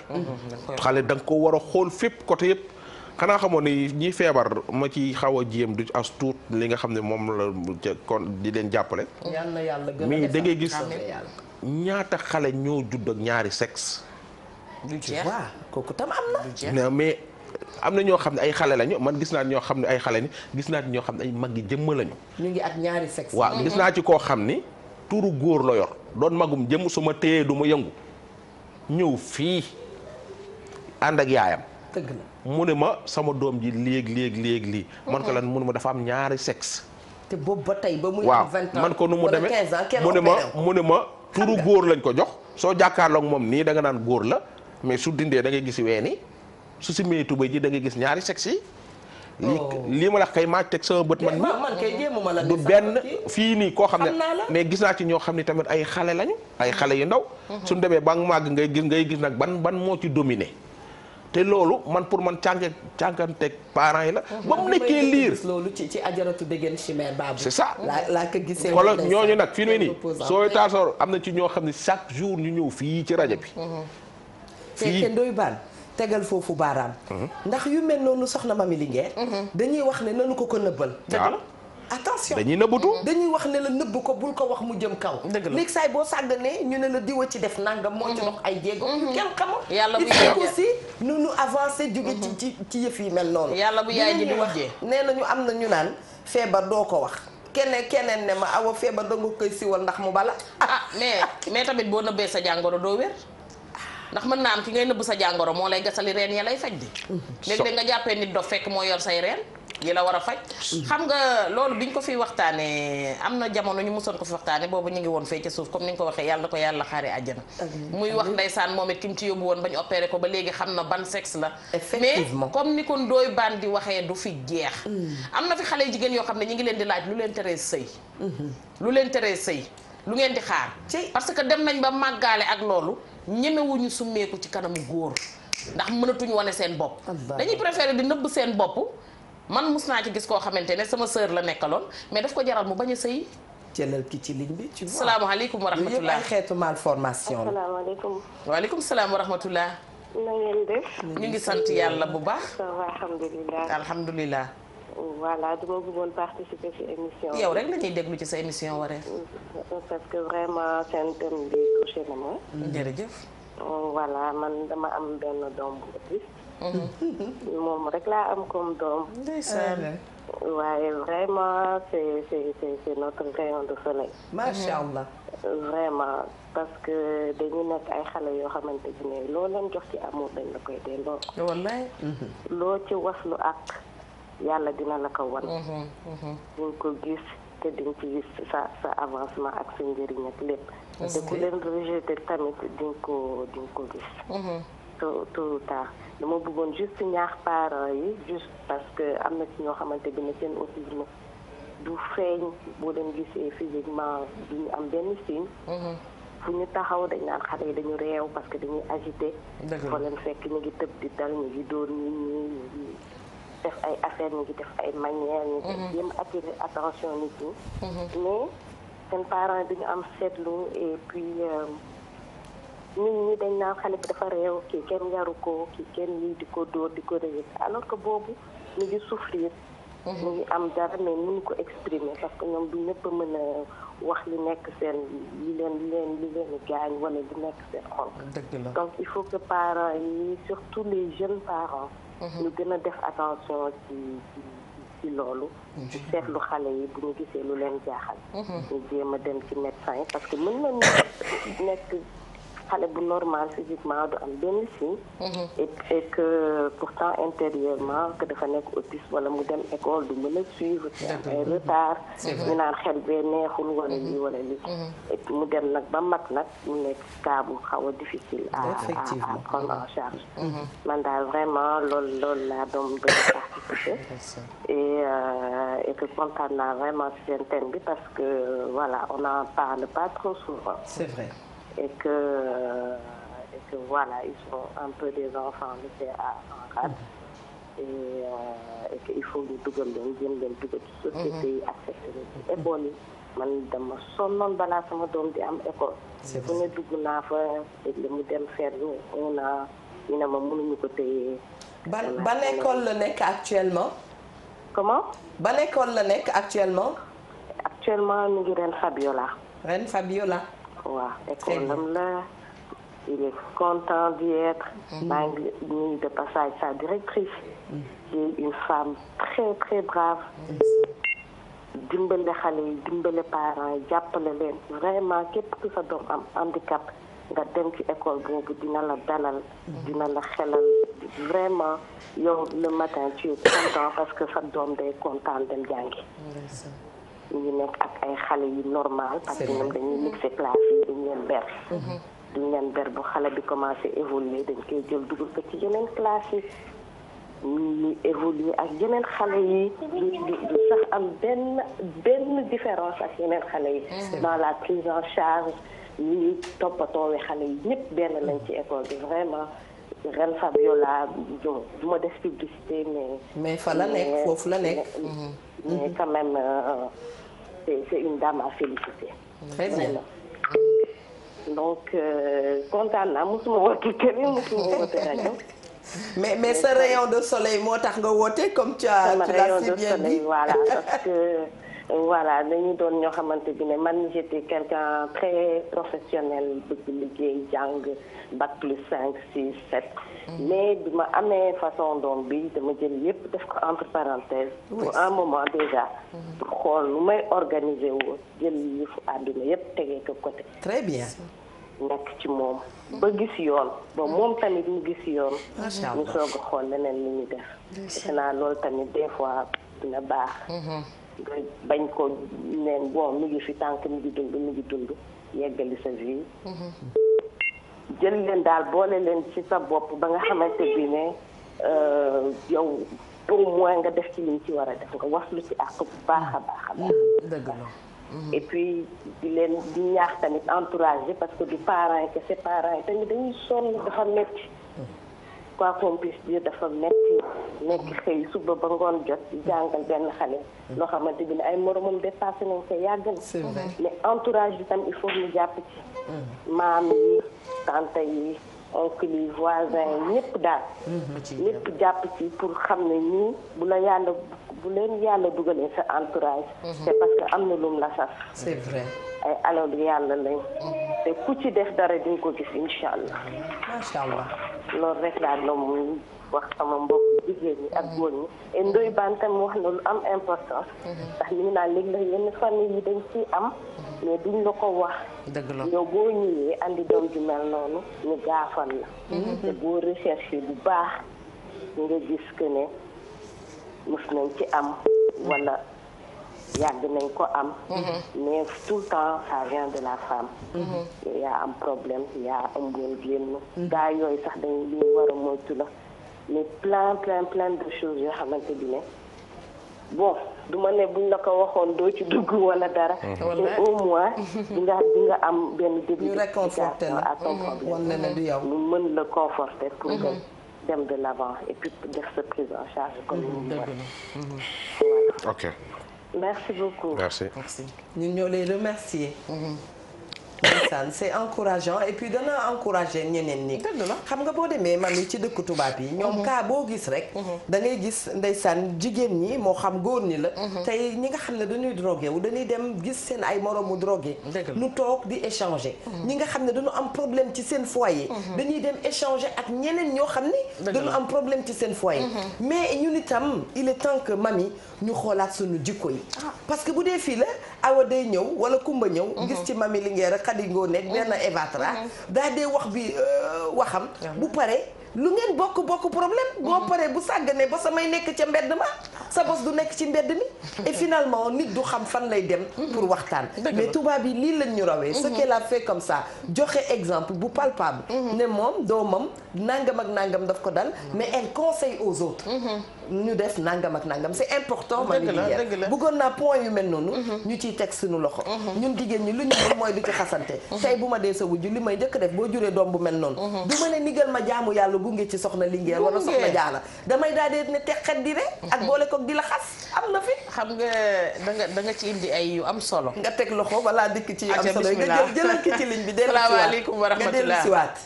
Speaker 3: xale da nga ko war a xool fépp côté yëpp xanaa xamoon ni ñi feebar ma ci xaw a jéem du as tuut li nga xam ne moom la kon di leen jàppale
Speaker 1: yàlla mais da ngay gis
Speaker 3: ñaata xale ñoo judd ak ñaari sexe. du jeex kooku tam am na. mais am na ñoo xam ne ay xale lañu man gis naa ñoo xam ne ay xale ni gis naa ñoo xam ne ay mag yi jëmma lañu. ñu
Speaker 1: ngi ak ñaari sexe. waaw gis naa ci
Speaker 3: koo xam ni turu góor la yor doon magum jëm su ma téyee du ma yëngu ñëw fii ànd ak yaayam. dëgg mu ne ma sama doom ji léegi léegi léegi lii. man ko lan mu ne ma dafa am ñaari sexe. te boobu
Speaker 1: ba tey ba muy. 20 mu ne ma mu ne ma.
Speaker 3: turu góor lañ ko jox soo jàkkaarloog moom nii da nga naan góor la mais su dindee da ngay gis weeni su si mee tubéy ji da ngay gis ñaari sexe yi lii oh. lii ma la kay maa teg sama bët man mi du benn fii nii koo xam ne mais gis naa ci ñoo xam ne tamit ay xale lañu ay xale yu ndaw mhm. suñ demee ba nga màgg ngay gis ngay gis nag ban ban moo ci dominé te loolu man pour man cànke cànkanteeg parents yi la. Oh, ba mu nekkee liir ci
Speaker 1: ci ajaratu dëgën chimère baabu. c'est ça la la ko gisee. wala ñooñu nag fii nii sooy
Speaker 3: taasoor am na ci ñoo xam ne chaque jour ñu ñëw fii ci rajo bi.
Speaker 1: Mm-hmm. fii te ndoy baan tegal foofu baaraam. Mm-hmm. ndax yu mel noonu soxna li Linguère. Mm-hmm. dañuy wax ne nanu ko ko nëbbal. attention dañuy nëbbutu mm-hmm. dañuy wax ne la nëbb ko bul ko wax mu jëm kaw léegi saay boo sàgganee ñu ne la diw a ci def nangam moo ci mm-hmm. dox ay jéego yu mm-hmm. yàlla bu yaay aussi nu nu avancé ci ci ci mel noonu yàlla bu yaay ji di wax wujjee nee nañu am na ñu naan feebar doo ko wax keneen keneen ne ma awa feebar danga koy siwal ndax mu bala ah mais mais tamit boo nëbbee
Speaker 2: sa jàngoro doo wér ndax mën naa am ki ngay nëbb sa jàngoro moo lay gasali reen ya lay faj di léeg-léeg nga jàppee nit dof fekk moo yor say reen yi la war a faj xam nga loolu biñ ko fi waxtaanee am na jamono ñu mosoon ko fi waxtaanee boobu ñu ngi woon fee ca suuf comme ni nga ko waxee yàlla ko yàlla xaare àjjana muy wax saan moom it ki mu ci yóbbu woon ba ñu opéré ko ba léegi xam na ban sexe la mais comme ni ko ndooy baan di waxee du fi jeex mm. am na fi xale jigéen yoo xam ne ñu ngi leen di laaj lu leen teree sëy mm-hmm. lu leen teree sëy lu ngeen di xaar ci parce que dem nañ ba màggaale ak loolu ñemewuñu summeeku ci kanamu góor ndax mënatuñu wone seen bopp seen bopp man mus naa ci gis koo xamante ne sama sœur la nekkaloon mais daf ko jaral
Speaker 1: mu bañ a sëyi. ki ci ligne bi. ci vois
Speaker 2: salaamaaleykum wa
Speaker 1: rahmatulah xeetu malformation la.
Speaker 7: asalaamaaleykum.
Speaker 2: waaleykum salaam wa
Speaker 1: rahmatulah.
Speaker 7: na ngeen def. ñu ngi sant yàlla bu baax. ça va alhamdulilah.
Speaker 2: alhamdulilah.
Speaker 7: voilà dama bëggoon participer ci émission yow rek
Speaker 2: la ñuy déglu ci sa émission Wareef. Mm,
Speaker 7: parce que vraiment seen thème bi man dama am benn doom bu autiste. Mhm. moom rek laa am comme doom. Euh, waaye vraiment c'est c'est c'est notre rayon de soleil. macha mhm. allah. vraiment parce que dañu nekk ay xale yoo xamante ne lool leen jox ci amour dañ la koy delloo. Mhm. loo ci waslu ak yàlla dina la ko wan. ñu ko gis te diñ ci gis sa sa avancement ak sa njëriñ ak lépp. te ku leen rejeté tamit diñ ko diñ ko gis. tôt tôt ou tard dama bëggoon juste ñaax parents yi juste parce que am na ci ñoo xamante bi ne seen autisme du feeñ boo leen gisee physiquement duñu am benn signe mhm. fu ñu taxaw dañ naan xale yi dañu reew parce que dañuy agité foo leen fekk ñu ngi tëb di dal ñu ngi dóor ñu ngi def ay affaire ñu ngi def ay manière ñu ngi mhm. jéem attirer attention nit ñi mhm. mais seen parents duñu am seetlu et puis euh, nit ñi dañ naan xale bi dafa réew kii kenn yaru ko kii kenn lii di ko dóor di ko réer alors que boobu ñu ngi souffrir. Mhm. ñu ngi am dara mais mënuñu ko exprimer parce que ñoom du ñëpp a mën a wax li nekk seen li leen leen li leen gaañ wala li nekk seen xol. donc il faut que parents yi surtout les mhm. gën a def attention ci ci ci loolu. Mhm. seetlu xale yi bu ñu gisee lu leen jaaxal. ñu jéem a dem ci médecin yi parce que mën nañu nekk. xale bu normal physiquement du am benn signe. Mhm. et que pourtant intérieurement que dafa nekk autiste wala mu dem école du mën a suivre. ci am ay retard. ñu naan xel bee neexul wala mhm. lii wala lii. Mhm. et mu dem nag ba mag nag mu nekk cas bu xaw a difficile. à à prendre en charge. man daal vraiment loolu loolu laa doon bëgg a participer. et euh, et que kontaan naa vraiment si seen thème bi parce que voilà on n'en parle pas trop souvent. c'est vrai. Euh, et que, voilà, ils sont un peu des enfants laissés à en rade il faut ñu dugal leen jéem leen dugal ci société yi accepté leen ci école yi man dama sonnoon balaa sama doom di am école fu ne dugg naa fa li mu dem ferlu un an ñu ne ma mënuñu ko téye ban ban école la nekk
Speaker 1: actuellement
Speaker 7: comment ban école la nekk actuellement actuellement mu ngi ren Fabiola
Speaker 1: ren Fabiola
Speaker 7: waaw école am la il est content d'y être mhm. maa ngi nuyu de passage sa directrice qui mhm. est une femme très très brave mhm. dimbale xale yi dimbale parents yi jàppale leen vraiment képp ku sa doom am handicap nga dem ci école boobu dina la dalal dina la xelal vraiment yow le matin ci es content parce que sa doom day kontaan dem jàngi ñu ngi nekk ak ay xale yu normal parce que ñoom dañuy mixé classe du duñ leen ber mhm. duñ leen ber bu xale bi commencé évoluer dañ koy jël dugal ko ci yeneen classe yi ñuy évoluer ak yeneen xale yi du sax am benn benn différence ak yeneen xale yi mhm. dans la prise en charge ñuy toppatoowe xale yi ñëpp benn lañ ci école bi vraiment ren Fabio laa jóg du ma def publicité mais. mais fa la nekk foofu la nekk. mais mhm. Mhm. quand même euh, c'est c'est une dame à féliciter. très bien. donc euh, kontaan naa mosuma woote télé mosuma woote rajo. mais mais sa rayon de soleil
Speaker 1: moo tax nga woote comme tu a tu l'as si bien dit
Speaker 7: voilà dañu doon ñoo xamante bi ne man j'étais quelqu'un très professionnel bëgg liggéey jàng bac plus cinq six sept mm. mais bi ma amee façon doom bi dama jël yépp def ko entre parenthèses pour un moment déjà mm-hmm. pour xool lu may organiser wu jël fu àdduna yépp tegee ko côté très bien nekk ci moom ba gis yoon ba moom tamit mu gis yoon ñu soog a xool leneen li ñu def defe naa loolu tamit des fois dina baax mm-hmm. nga bañ ko neen bon mi ngi fi tànk mi ngi dund mi ngi dund yeggali sa vie. Mhm. jël leen daal boole leen ci sa bopp ba nga xamante bi ne euh, yow au moins nga def ci liñ ci war a def nga wax lu ci ak bu baax a a mhm. mhm. et puis di leen di ñaax tamit entourage parce que du parent que c'est parent yi tamit dañuy sonn dafa métti. quoi qu'on puisse dire dafa metti nekk xëy suba ba ngoon jot di jàngal benn xale. loo xamante bi ne ay moromam dépassé nañ ko yàgg na. mais entourage bi tam il faut ñu jàpp ci. Mm-hmm. maam yi tante yi oncle voisin yi ñëpp daal. ñëpp mm-hmm. jàpp ci pour xam ne ñii bu la yàlla bu leen yàlla dugalee sa entourage. Mm-hmm. c'est parce que am na lum la saf. c'est vrai. ay alalu yàlla lañ mhm. te ku ci def dara di nga ko gis incha allah. macha allah loolu rek daal la muy wax sama mbokk jigéen ñi ak góor ñi et ndoy baan tamit wax na lu am importance. Mhm. ndax li ñu naan léegi nag yenn famille yi dañ ci am. Mhm. mais duñ la ko wax. dëgg la yow boo ñëwee andi doom ju mel noonu ñu gaafal la. te boo recherché bu baax nga gis que ne mos nañ ci am wala. yàgg nañ ko am. mais tout le temps ça vient de la femme. Mhm. yaa am problème yaa ëmboon génn. gaa yooyu sax dañu li war a moytu la mais plein plein plein de choses yoo xamante bi ne bon du ma ne buñ la ko waxoon doo ci dugg wala dara. mais mhm. au moins. di nga di nga am benn début. ñu réconforté la à ton mhm. problème. na ne du yow mën la conforter pour que. dem de l'avant et puis def sa prise en charge comme
Speaker 1: ni mu
Speaker 3: merci beaucoup merci. merci
Speaker 1: ñun ñoo lay remercier. Mm-hmm. ndeysaan c'est encourageant et puis dana encouragé ñeneen ñi xam nga boo demee mami ci dëkk tubaab yi ñoom mhm. kaa boo gis rek mhm. da ngay gis ndeysaan jigéen ñi moo xam góor ni la mhm. tey ñi nga xam ne dañuy drogué wu dañuy dem gis seen ay moroomu drogué nu toog di échanger ñi nga xam ne dañu am problème ci seen foyer dañuy dem échanger ak ñeneen ñoo xam ne dañu am problème ci seen foyer mais ñun itam il est temps que mami ñu xoolaat suñu jikko yi ah. parce que bu dee fii la awa day ñëw wala kumba ñëw gis ci mami li ngeen rek Khady Ngoné ak mm-hmm. benn Eva Tra mm-hmm. daa dee wax bi euh, waxam bu pare lu ngeen bokk bokk problème boo mm-hmm. paree bu sàgganee ba samay nekk ca mbedd ma sa bos du nekk ci mbedd mi et finalement nit du xam fan lay dem pour waxtaan mais tubaab yi lii lañ ñu rawee ce qu'elle a fait comme ça joxe exemple bu palpable ne moom doomam nangam ak nangam daf ko dal mais elle conseille aux autres ñu def nangam ak nangam c'est important ma ni lier bëggoon naa point yu mel noonu mhm. ñu ciy teg suñu loxo mhm. ñun jigéen ñi lu ñu mën mooy di ci xasante mhm. tey bu ma dee sa wujju li may njëkk def boo juree doom bu mel noonu du ma ne nigal ma jaamu yàlla gunge ci soxna lingeer wala soxna jaana damay daal di ne teqet di re ak boole ko di la xas am na fi xam nga danga da nga ci indi ay yu
Speaker 2: am solo nga teg loxo balaa dikk ci yu am solo nga jël bi dellu si wa rahmatulah nga dellu si waat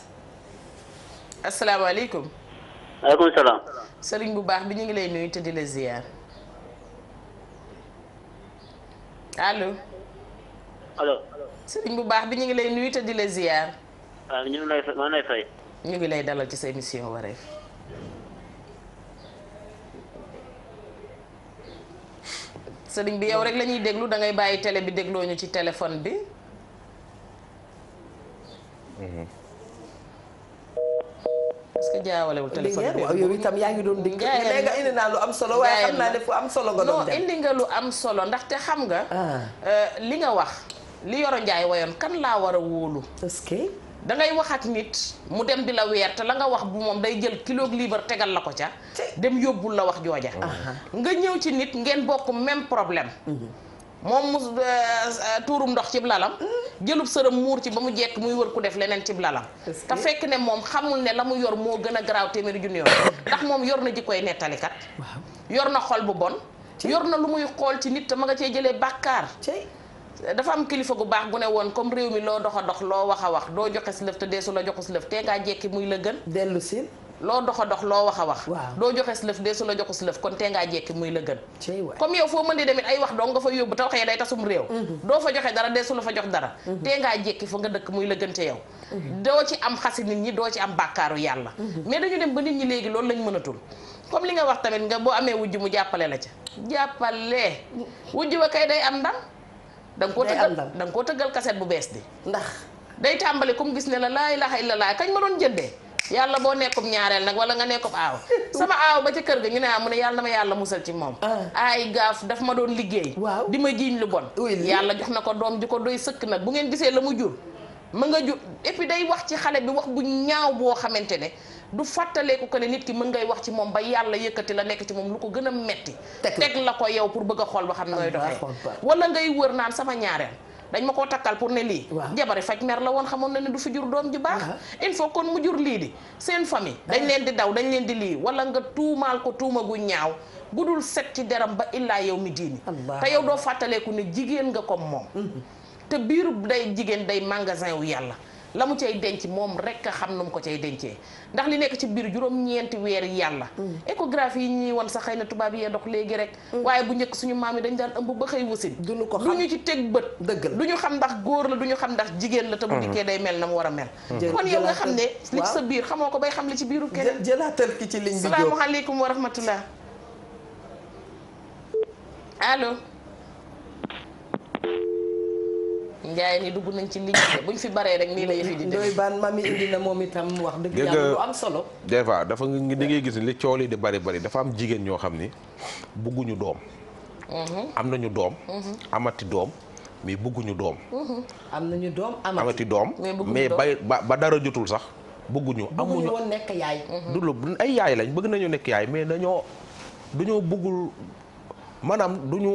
Speaker 2: asalaamaaleykum. waaleykum salaam. sëriñ bu baax bi ñu ngi lay nuyu te di la ziar. allo. sëriñ bu baax bi ñu ngi lay nuyu te di la ziar.
Speaker 4: waaw ñu ngi
Speaker 7: lay fay
Speaker 2: ñu ngi lay dalal ci sa émission wareef. sëriñ bi yow rek lañuy déglu dangay bàyyi tele bi dégloo ci téléphone bi. Mhm. est ce que jaawalewul téléphone bi waaw yaa ngi doon dégg nee nga indi
Speaker 1: naa lu am solo waaye xam naa de fu am solo nga doon dem non indi
Speaker 2: nga lu am solo ndax te xam nga ah. euh, li nga wax li Yoro Ndiaye wayoon kan laa war a wóolu est da ngay wax ak nit mu dem di la weer te la nga wax bu moom day jël kilo liibar tegal la ko ca dem yóbbul la wax jooja ah. nga ñëw ci nit ngeen bokk même problème mhm. moom mu euh, euh, tuurum ndox ci lalam mm. jëlub sëram muur ci ba mu jekk muy wër ku def leneen cib lalam te fekk ne moom xamul ne la mu yor moo gën a garaaw téeméeri junni yoon ndax moom yor na koy nettalikat yor na xol bu bon yor na lu muy xool ci nit te ma nga cee jëlee bàkkaar dafa am kilifa gu baax gu ne woon comme réew mi loo dox dox loo wax a wax doo joxe si lëf te deesu la joxu si lëf te ngaa jekki muy la gën dellu si loo dox dox loo wax a wax doo joxes lëf dee su la joxes lëf kon tee ngaa jekki muy la gën comme yow foo mën di demit ay wax doo nga fa yóbbu te waxee day tasum réew mhm. doo fa joxe dara dee su la fa jox dara mhm. tee ngaa jekki fa nga dëkk muy la gën te yow mhm. doo ci am xasi nit ñi doo ci am bàkkaaru yàlla mais dañu dem ba nit ñi léegi loolu lañ mënatul comme li nga wax tamit nga boo amee wujj mu jàppale la ca jàppale wujj ba kay day am ndam danga koo tëggal danga koo tëggal kaset bu bees di ndax day tàmbali comme gis ne la laa kañ ma doon jëndee yàlla boo nekkum ñaareel nag wala nga nekkum aaw sama aaw ba ca kër ga ñu ne ah mu ne yàlla na ma yàlla musal ci moom ah. ay gaaf daf ma doon liggéey waaw di ma jiiñ lu bon yàlla jox na ko doom di ko doy sëkk nag bu ngeen gisee la mu jur ma nga jur et day wax ci xale bi wax bu ñaaw boo xamante ne du fàttaleeku ko ne nit ki mën ngay wax ci moom ba yàlla yëkkati la nekk ci moom lu ko gën a metti teg la ko yow pour bëgg a xool ba xam nooy ah, doxee wala ngay wër naan sama ñaareel dañ ma koo takkal pour ne lii jabari faj mer la woon xamoon na ne du fi jur doom ji baax il faut kon mu jur lii di seen famille dañ leen di daw dañ leen di lii wala nga tuumaal ko tuuma gu ñaaw gu dul set ci deram ba illaa yow mi diini te yow doo fàttaleeku ne jigéen nga comme moom mhm. te biiru day jigéen day magasin wu yàlla la mu cay denc moom rek xam nu mu ko cay dencee ndax li nekk ci biir juróom-ñeenti weer yàlla. Mm. échographie yi ñuy won sa xëy na tubaab yee dox léegi rek. Mm. waaye bu njëkk suñu maam yi dañ daan ëmb ba xëy wasin. du ñu ko xam ñu ci teg bët. dëgg la du ñu xam ndax góor la du ñu xam ndax jigéen la. te bu mm. dikkee day mel na mu war a mel. kon yow nga xam ne li ci sa biir xamoo ko bay xam li ci biiru keneen. jëlaatal ki ci li ligne bi salaamaaleykum wa rahmatullah allo. Ndiaye ni dugg nañ ci liggéey buñ fi baree rek nii la yëfi di doy baan mami indi
Speaker 1: na moom itam wax dëgg yàlla lu am solo
Speaker 3: des dafa nga da ngay gis ni li coow li di bari bari dafa am jigéen ñoo xam ni bugguñu doom mhm. am nañu doom mhm. amati doom mais bugguñu doom
Speaker 1: mhm. am nañu doom amati
Speaker 3: doom mais bay ba dara jotul sax bugguñu amuñu
Speaker 1: nekk yaay du lu
Speaker 3: ay yaay lañ bëgg nañu nekk yaay mais dañoo dañoo buggul maanaam du ñu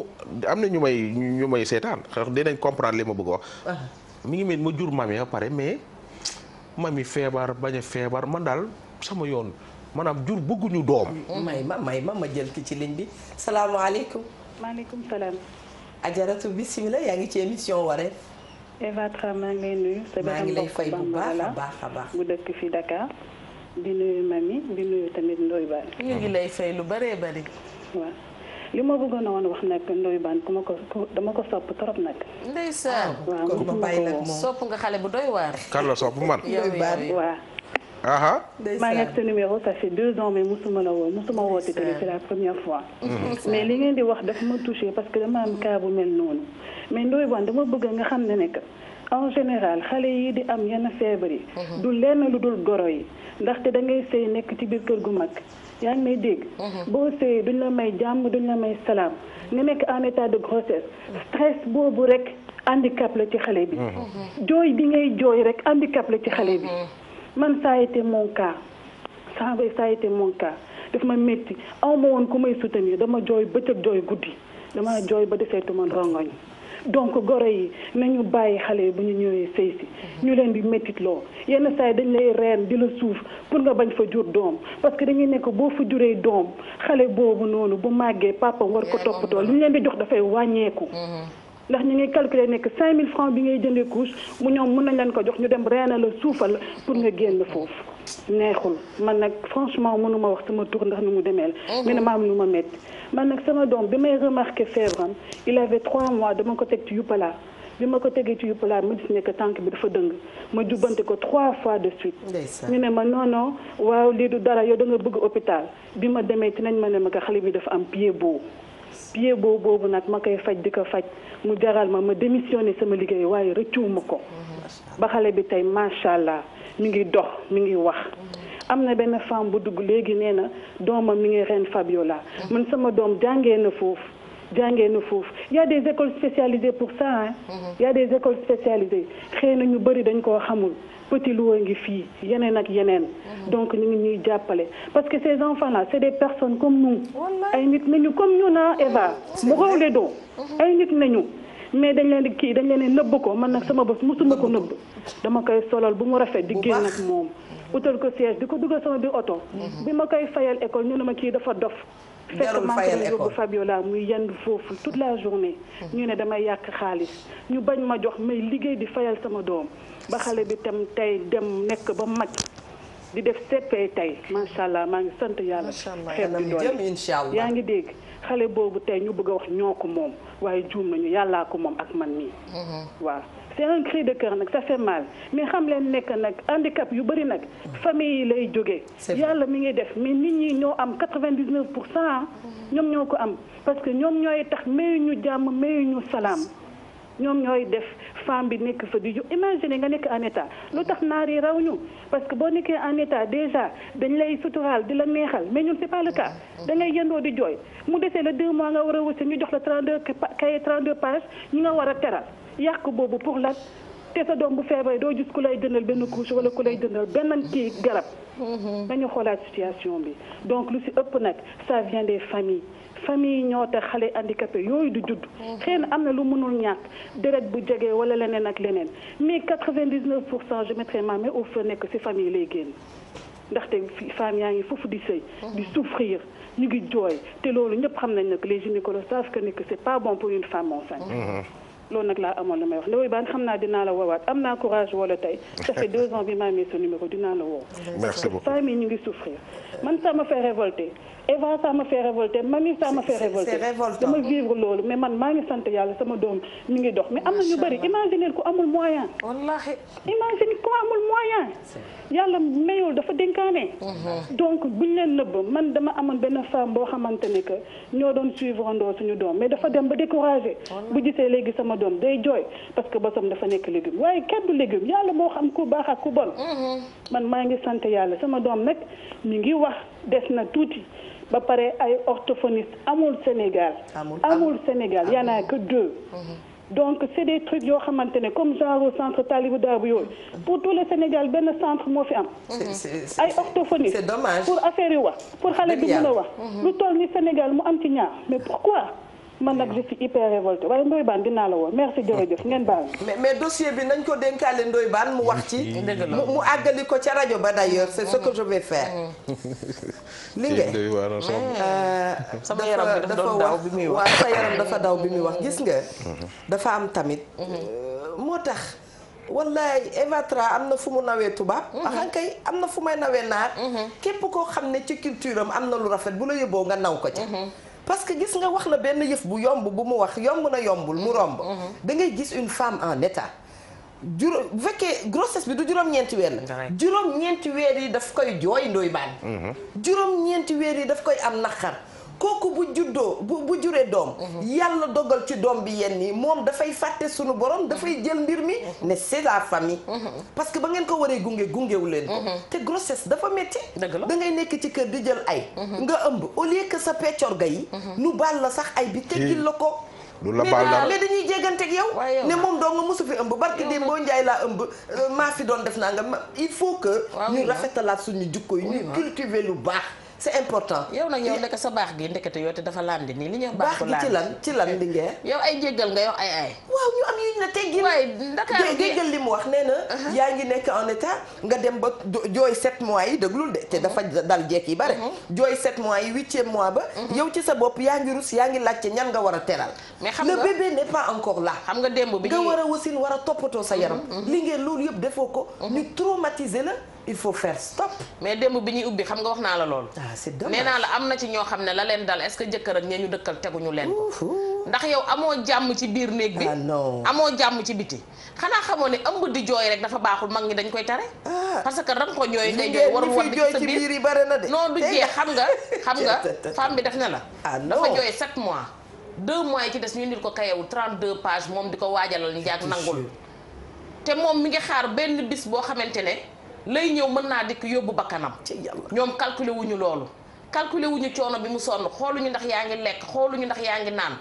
Speaker 3: am na ñu may ñu may seetaan xeex dinañ comprendre li ma bëgg wax. Ah. mi ngi mel ma jur mami pare mais mami feebar bañ feebar man daal sama yoon maanaam jur bëgguñu doom. Mm. may ma may ma ma jël ki ci ligne bi salaamaaleykum.
Speaker 8: maaleykum salaam.
Speaker 1: ajaratu bisimilah yaa
Speaker 8: ngi ci émission Wareef. Eva maa ngi lay nuyu. maa ngi lay fay lay fay lu bare bëri. li ma bëggoon a woon wax nag Ndoye Bane ku ma ko dama ko sopp trop nag. ndeysaan ah, waaw kon ma bàyyi la sopp nga xale bu doy waar.
Speaker 3: kan la sopp man. Ndoye Bane waaw. aha
Speaker 8: maa ngi ak sa numéro ça fait deux ans mais musuma la woo musuma woote télé la première fois. mais li ngeen di wax dafa ma touché parce que dama am cas bu mel noonu. mais Ndoye Bane dama bëgg nga xam ne nekk en général xale yi di am yenn feebar yi. Mhm. du lenn lu dul goro yi ndaxte da ngay sëy nekk ci biir kër gu mag. yaa ngi may dégg. Mhm. boo sëyee duñ la may jàmm duñ la may salaam nga nekk en état de grossesse stress boobu rek handicap la ci xale bi. Mhm. jooy bi ngay jooy rek handicap la ci xale bi. Mhm. man ça a été mon cas ça a été mon ma metti aw ma woon ku may soutenir dama jooy bëccëg jooy guddi dama jooy ba deseetuma rongoñ. donc goro yi nañu bàyyi xale yi bu ñu ñëwee sëy si ñu leen di méttit yenn saa yi dañ lay reen di la suuf pour nga bañ fa jur doom parce que dañuy nekk boo fa juree doom xale boobu noonu bu màggee papa war ko toppatoo lu ñu leen di jox dafay wàññeeku mm-hmm. ndax ñu ngi calculer nekk 5000 francs bi ngay jëndee couche mu ñoom mun nañ leen ko jox ñu dem reena la suufal pour nga génn foofu neexul man nag franchement mënuma wax sama tur ndax nu mu demee la oh. mais ma am lu ma métti man nag sama doom bi may remarqué feebaram il avait trois mois dama ko teg ci yuppalaa bi ma ko tegee ci yuppalaa ma gis ne que tànk bi dafa dëng ma jubbante ko trois fois de suite ñu ne ma non waaw lii du dara yow da bëgg hôpital bi ma demee ci nañ ma ne ma ko bi dafa am pied boobu pied boobu boobu nag ma koy faj di ko faj mu jaral ma ma démissionné sama liggéey waaye rëccuwuma ko ba xale bi tey macha allah mu ngi dox mi ngi wax am na benn femme bu dugg léegi nee na doomam mi ngi ren Fabiola man sama doom jàngee na foofu jàngee na foofu y a des écoles spécialisées pour ça hein mm-hmm. y a des écoles spécialisées xëy na ñu bëri dañ koo xamul petit loué ngi fii yeneen ak yeneen mhm. donc ñu ngi ñuy jàppale parce que ces enfants là c'est des personne comme nous ay nit nañu comme ñu na Eva mu raw le doo ay nit nañu mais dañ leen di kii dañ leen nëbb ko man nag sama bés musuma ko nëbb dama koy solal bu mu rafet di génn ak moom utal ko siège di ko dugal sama bi oto mhm. bi ma koy fayal école ñu ne ma kii dafa dof jarul fayal école Fabiola muy yendu foofu toute la journée. Hmm. ñu ne damay yàq xaalis ñu bañ ma jox may liggéey di fayal sama doom ba xale bi tam tey dem nekk ba mag. di def CP tey macha allah maa ngi sant yàlla. xeeb bi doole yaa ngi dégg. xale boobu tey ñu bëgg a wax ñoo ko moom waaye juum ñu yàllaa ko moom ak man
Speaker 7: nii. Mhm. waaw
Speaker 8: c'est un de cœur nag ça fait mal mais xam leen nekk nag handicap yu bëri nag. famille yi lay jógee. yàlla mi ngi def mais nit ñi ñoo am quatre-vingt-dix-neuf pour cent ah. mhm. ñoom ñoo ko am parce que ñoom ñooy tax mayu ñu jàmm mayu ñu salaam. ñoom ñooy def femme bi nekk fa di ju imaginer nga nekk en état lu tax naar yi raw ñu parce que boo nekkee en état déjà dañ lay suturaal di la neexal mais ñun c'est pas le ngay yëndoo di jooy mu desee la deux mois nga war a wëcc ñu jox la 32 cahier 32 pages ñu nga war a teral yàq boobu pour la te sa doom bu feebaree doo gis ku lay dëndal benn couche wala ku lay dëndal benn kii garab dañu mhm. xoolaat situation bi donc lu ci ëpp nag ça vient des familles famille ñoo te xale handicapé yooyu di judd mhm. xëy na am na lu mënul ñàkk deret bu jege wala leneen ak leneen mais quatre-vingt-dix-neuf pour cent je mettrai ma main au feu nekk ci famille lay génn te femme yaa ngi foofu di sëy mhm. di souffrir ñu ngi jooy te loolu ñëpp xam nañ ne que les gynécologues savent que c'est pas bon pour une femme enceinte loolu nag la amoon lu may wax Ndoye Bane xam naa dinaa la woowaat am naa courage wala tey ça fait deux ans bi ma amee sa numéro dinaa la woo. merci beaucoup Eva ça m'a fait révolter Mami ça m'a fait révolter dama vivre loolu mais man maa ngi sant yàlla sama doom mi ngi dox mais am na ñu bëri imaginer ku amul moyen wallaahi imagine ku amul moyen yàlla mayul dafa dénkaane mhm. donc buñ leen nëbb man dama amoon benn femme boo xamante ne que ñoo doon suivre andoo suñu mais dafa dem ba découragé bu gisee léegi sama doom day jooy parce que bosom dafa nekk légume waaye kaddu légume yàlla moo xam ku baax ak ku bon mhm. man maa ngi sant yàlla sama doom nag mi ngi wax des na tuuti ba pare ay orthophoniste amul Sénégal. amul Sénégal y en a que deux. Mhm. donc c' des trucs yoo xamante ne comme genre centre Talibou Dabo yooyu pour tout le Sénégal benn centre moo fi am. ay orthophoniste. c'est dommage pour affaire yi wa pour xale bi mën a wax. Mhm. lu tol ni Sénégal mu am ci ñaar mais pourquoi. man nag je suis hyper révoltée wala Ndoye Bane dinaa la woo merci jërëjëf ngeen baal
Speaker 1: mais mais dossier bi nañ ko dénkaale Ndoye Bane mu wax ci mu àggali ko ca rajo ba d'ailleurs c'est ce que je vais faire mm.
Speaker 3: li ngeen mm.
Speaker 5: euh,
Speaker 1: sama yaram bi dafa daw bi muy wax dafa daw bi muy wax gis nga mm-hmm. dafa am tamit mm-hmm. moo tax wallaay Eva am na fu mu nawee tubaab mm-hmm. axan ah, am na fu may nawee naar képp koo xam ne ci culture am am na lu rafet bu la yóbboo nga naw ko ca parce que gis nga wax na benn yëf bu yomb bu mu wax yomb na yombul mu romb mm-hmm. mm-hmm. dangay gis une femme en état juróom bu fekkee grossesse bi du juróom-ñeenti weer la juróom-ñeenti weer yi daf koy jooy ndoy baan mm-hmm. juróom-ñeenti weer yi daf koy am naqar kooku bu juddoo bu bu juree doom mhm. yàlla dogal ci doom bi yenn yi moom dafay fàtte sunu borom mhm. dafay jël mbir mi mhm. ne c'est la famille parce que ba ngeen ko waree gunge gungewu leen ko te grossesse dafa metti da ngay nekk ci kër di jël ay nga ëmb au que sa peccor ga yi nu baal la sax ay bi teggil la ko
Speaker 3: du la baal dara mais
Speaker 1: dañuy jégganteeg yow. ne moom doo nga mosu fi ëmb barki de boo njaay laa ëmb euh, maa fi doon def naa nga il faut que ñu rafetalaat suñu jukko yi ñu cultiver lu baax c'est important. yow nag yow ndeke sa baax gi ndekete yoo te dafa laandi nii li ñuy wax baax gi ci lan ci lan li yow ay jéggal nga yow ay ay.
Speaker 2: waaw ñu li
Speaker 1: mu wax nee na. Uh-huh. yaa ngi nekk en état nga dem ba jooy 7 mois yi déglul de te dafa uh-huh. dal jekk yi bare. Uh-huh. jooy 7 mois yi huitième mois ba. yow ci sa bopp yaa ngi rus yaa ngi laajte ñan nga war a teral. mais xam nga le bébé n'est pas encore là. bi nga war a wasin war a toppatoo sa yaram. li ngeen loolu yëpp defoo ko. ñu traumatiser la il faut faire stop. mais démb bi ñuy ubbi xam nga wax naa la loolu. ah c'est la
Speaker 2: am na ci ñoo xam ne la leen dal est-ce que jëkkër ak ñee ñu dëkkal teguñu leen ndax yow amoo jàmm ci biir néeg bi. Ah, amoo jàmm ci biti. xanaa xamoon ne ëmb di jooy rek dafa baaxul mag ñi dañ koy tare. Ah. parce que ram ko ñooy ngay jooy warul war di ci sa biir yi bare
Speaker 1: na de. non du xam
Speaker 2: nga xam nga femme bi def na la. Ah, dafa jooy set mois. 2 mois yi ci des ñu indil ko kayewu 32 pages moom di ko waajalal njaag nangul te boo xamante ne. lay ñëw mën naa dikk yóbbu bakkanam ñoom calculer wuñu loolu calculer wuñu coono bi mu sonn xooluñu ndax yaa ngi lekk xooluñu ndax yaa ngi naan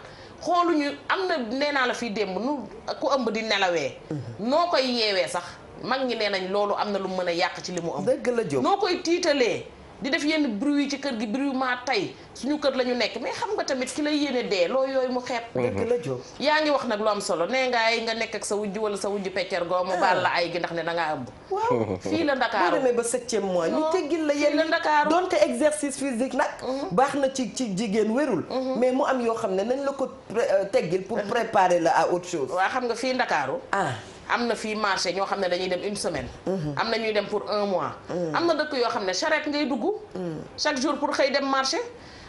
Speaker 2: xooluñu am na nee naa la fi démb nu ku ëmb di nelawee mm-hmm. noo koy yeewee sax mag ñi nee nañ loolu am na lu mën a yàq ci li mu ëmb dëgg la jóg noo koy tiitalee di def yenn bruit ci kër gi bruit maa tey suñu kër la ñu nekk mais xam nga tamit ki lay yéene dee loo yooyu mu xeeb dëgg la jóg yaa ngi wax nag lu am solo nee nga ngaay nga nekk ak sa wujj wala sa wujj peccer goo mu ah. baal ay gi ne da ngaa ëmb waaw fii la Ndakaaru boo
Speaker 1: demee ba septième mois la yenn la Ndakaaru donte exercice physique nag mhm. baax na ci ci jigéen wérul mhm. mais mu am yoo xam ne nañ la ko euh, teggil pour mhm. préparer la à autre chose waaw
Speaker 2: xam nga fii Ndakaaru ah am na fii marché ñoo xam ne dañuy dem une semaine. Mhm. am na ñuy dem pour un mois. Mhm. am na dëkk yoo xam ne charrette ngay dugg. Mhm. chaque jour pour xëy dem marché.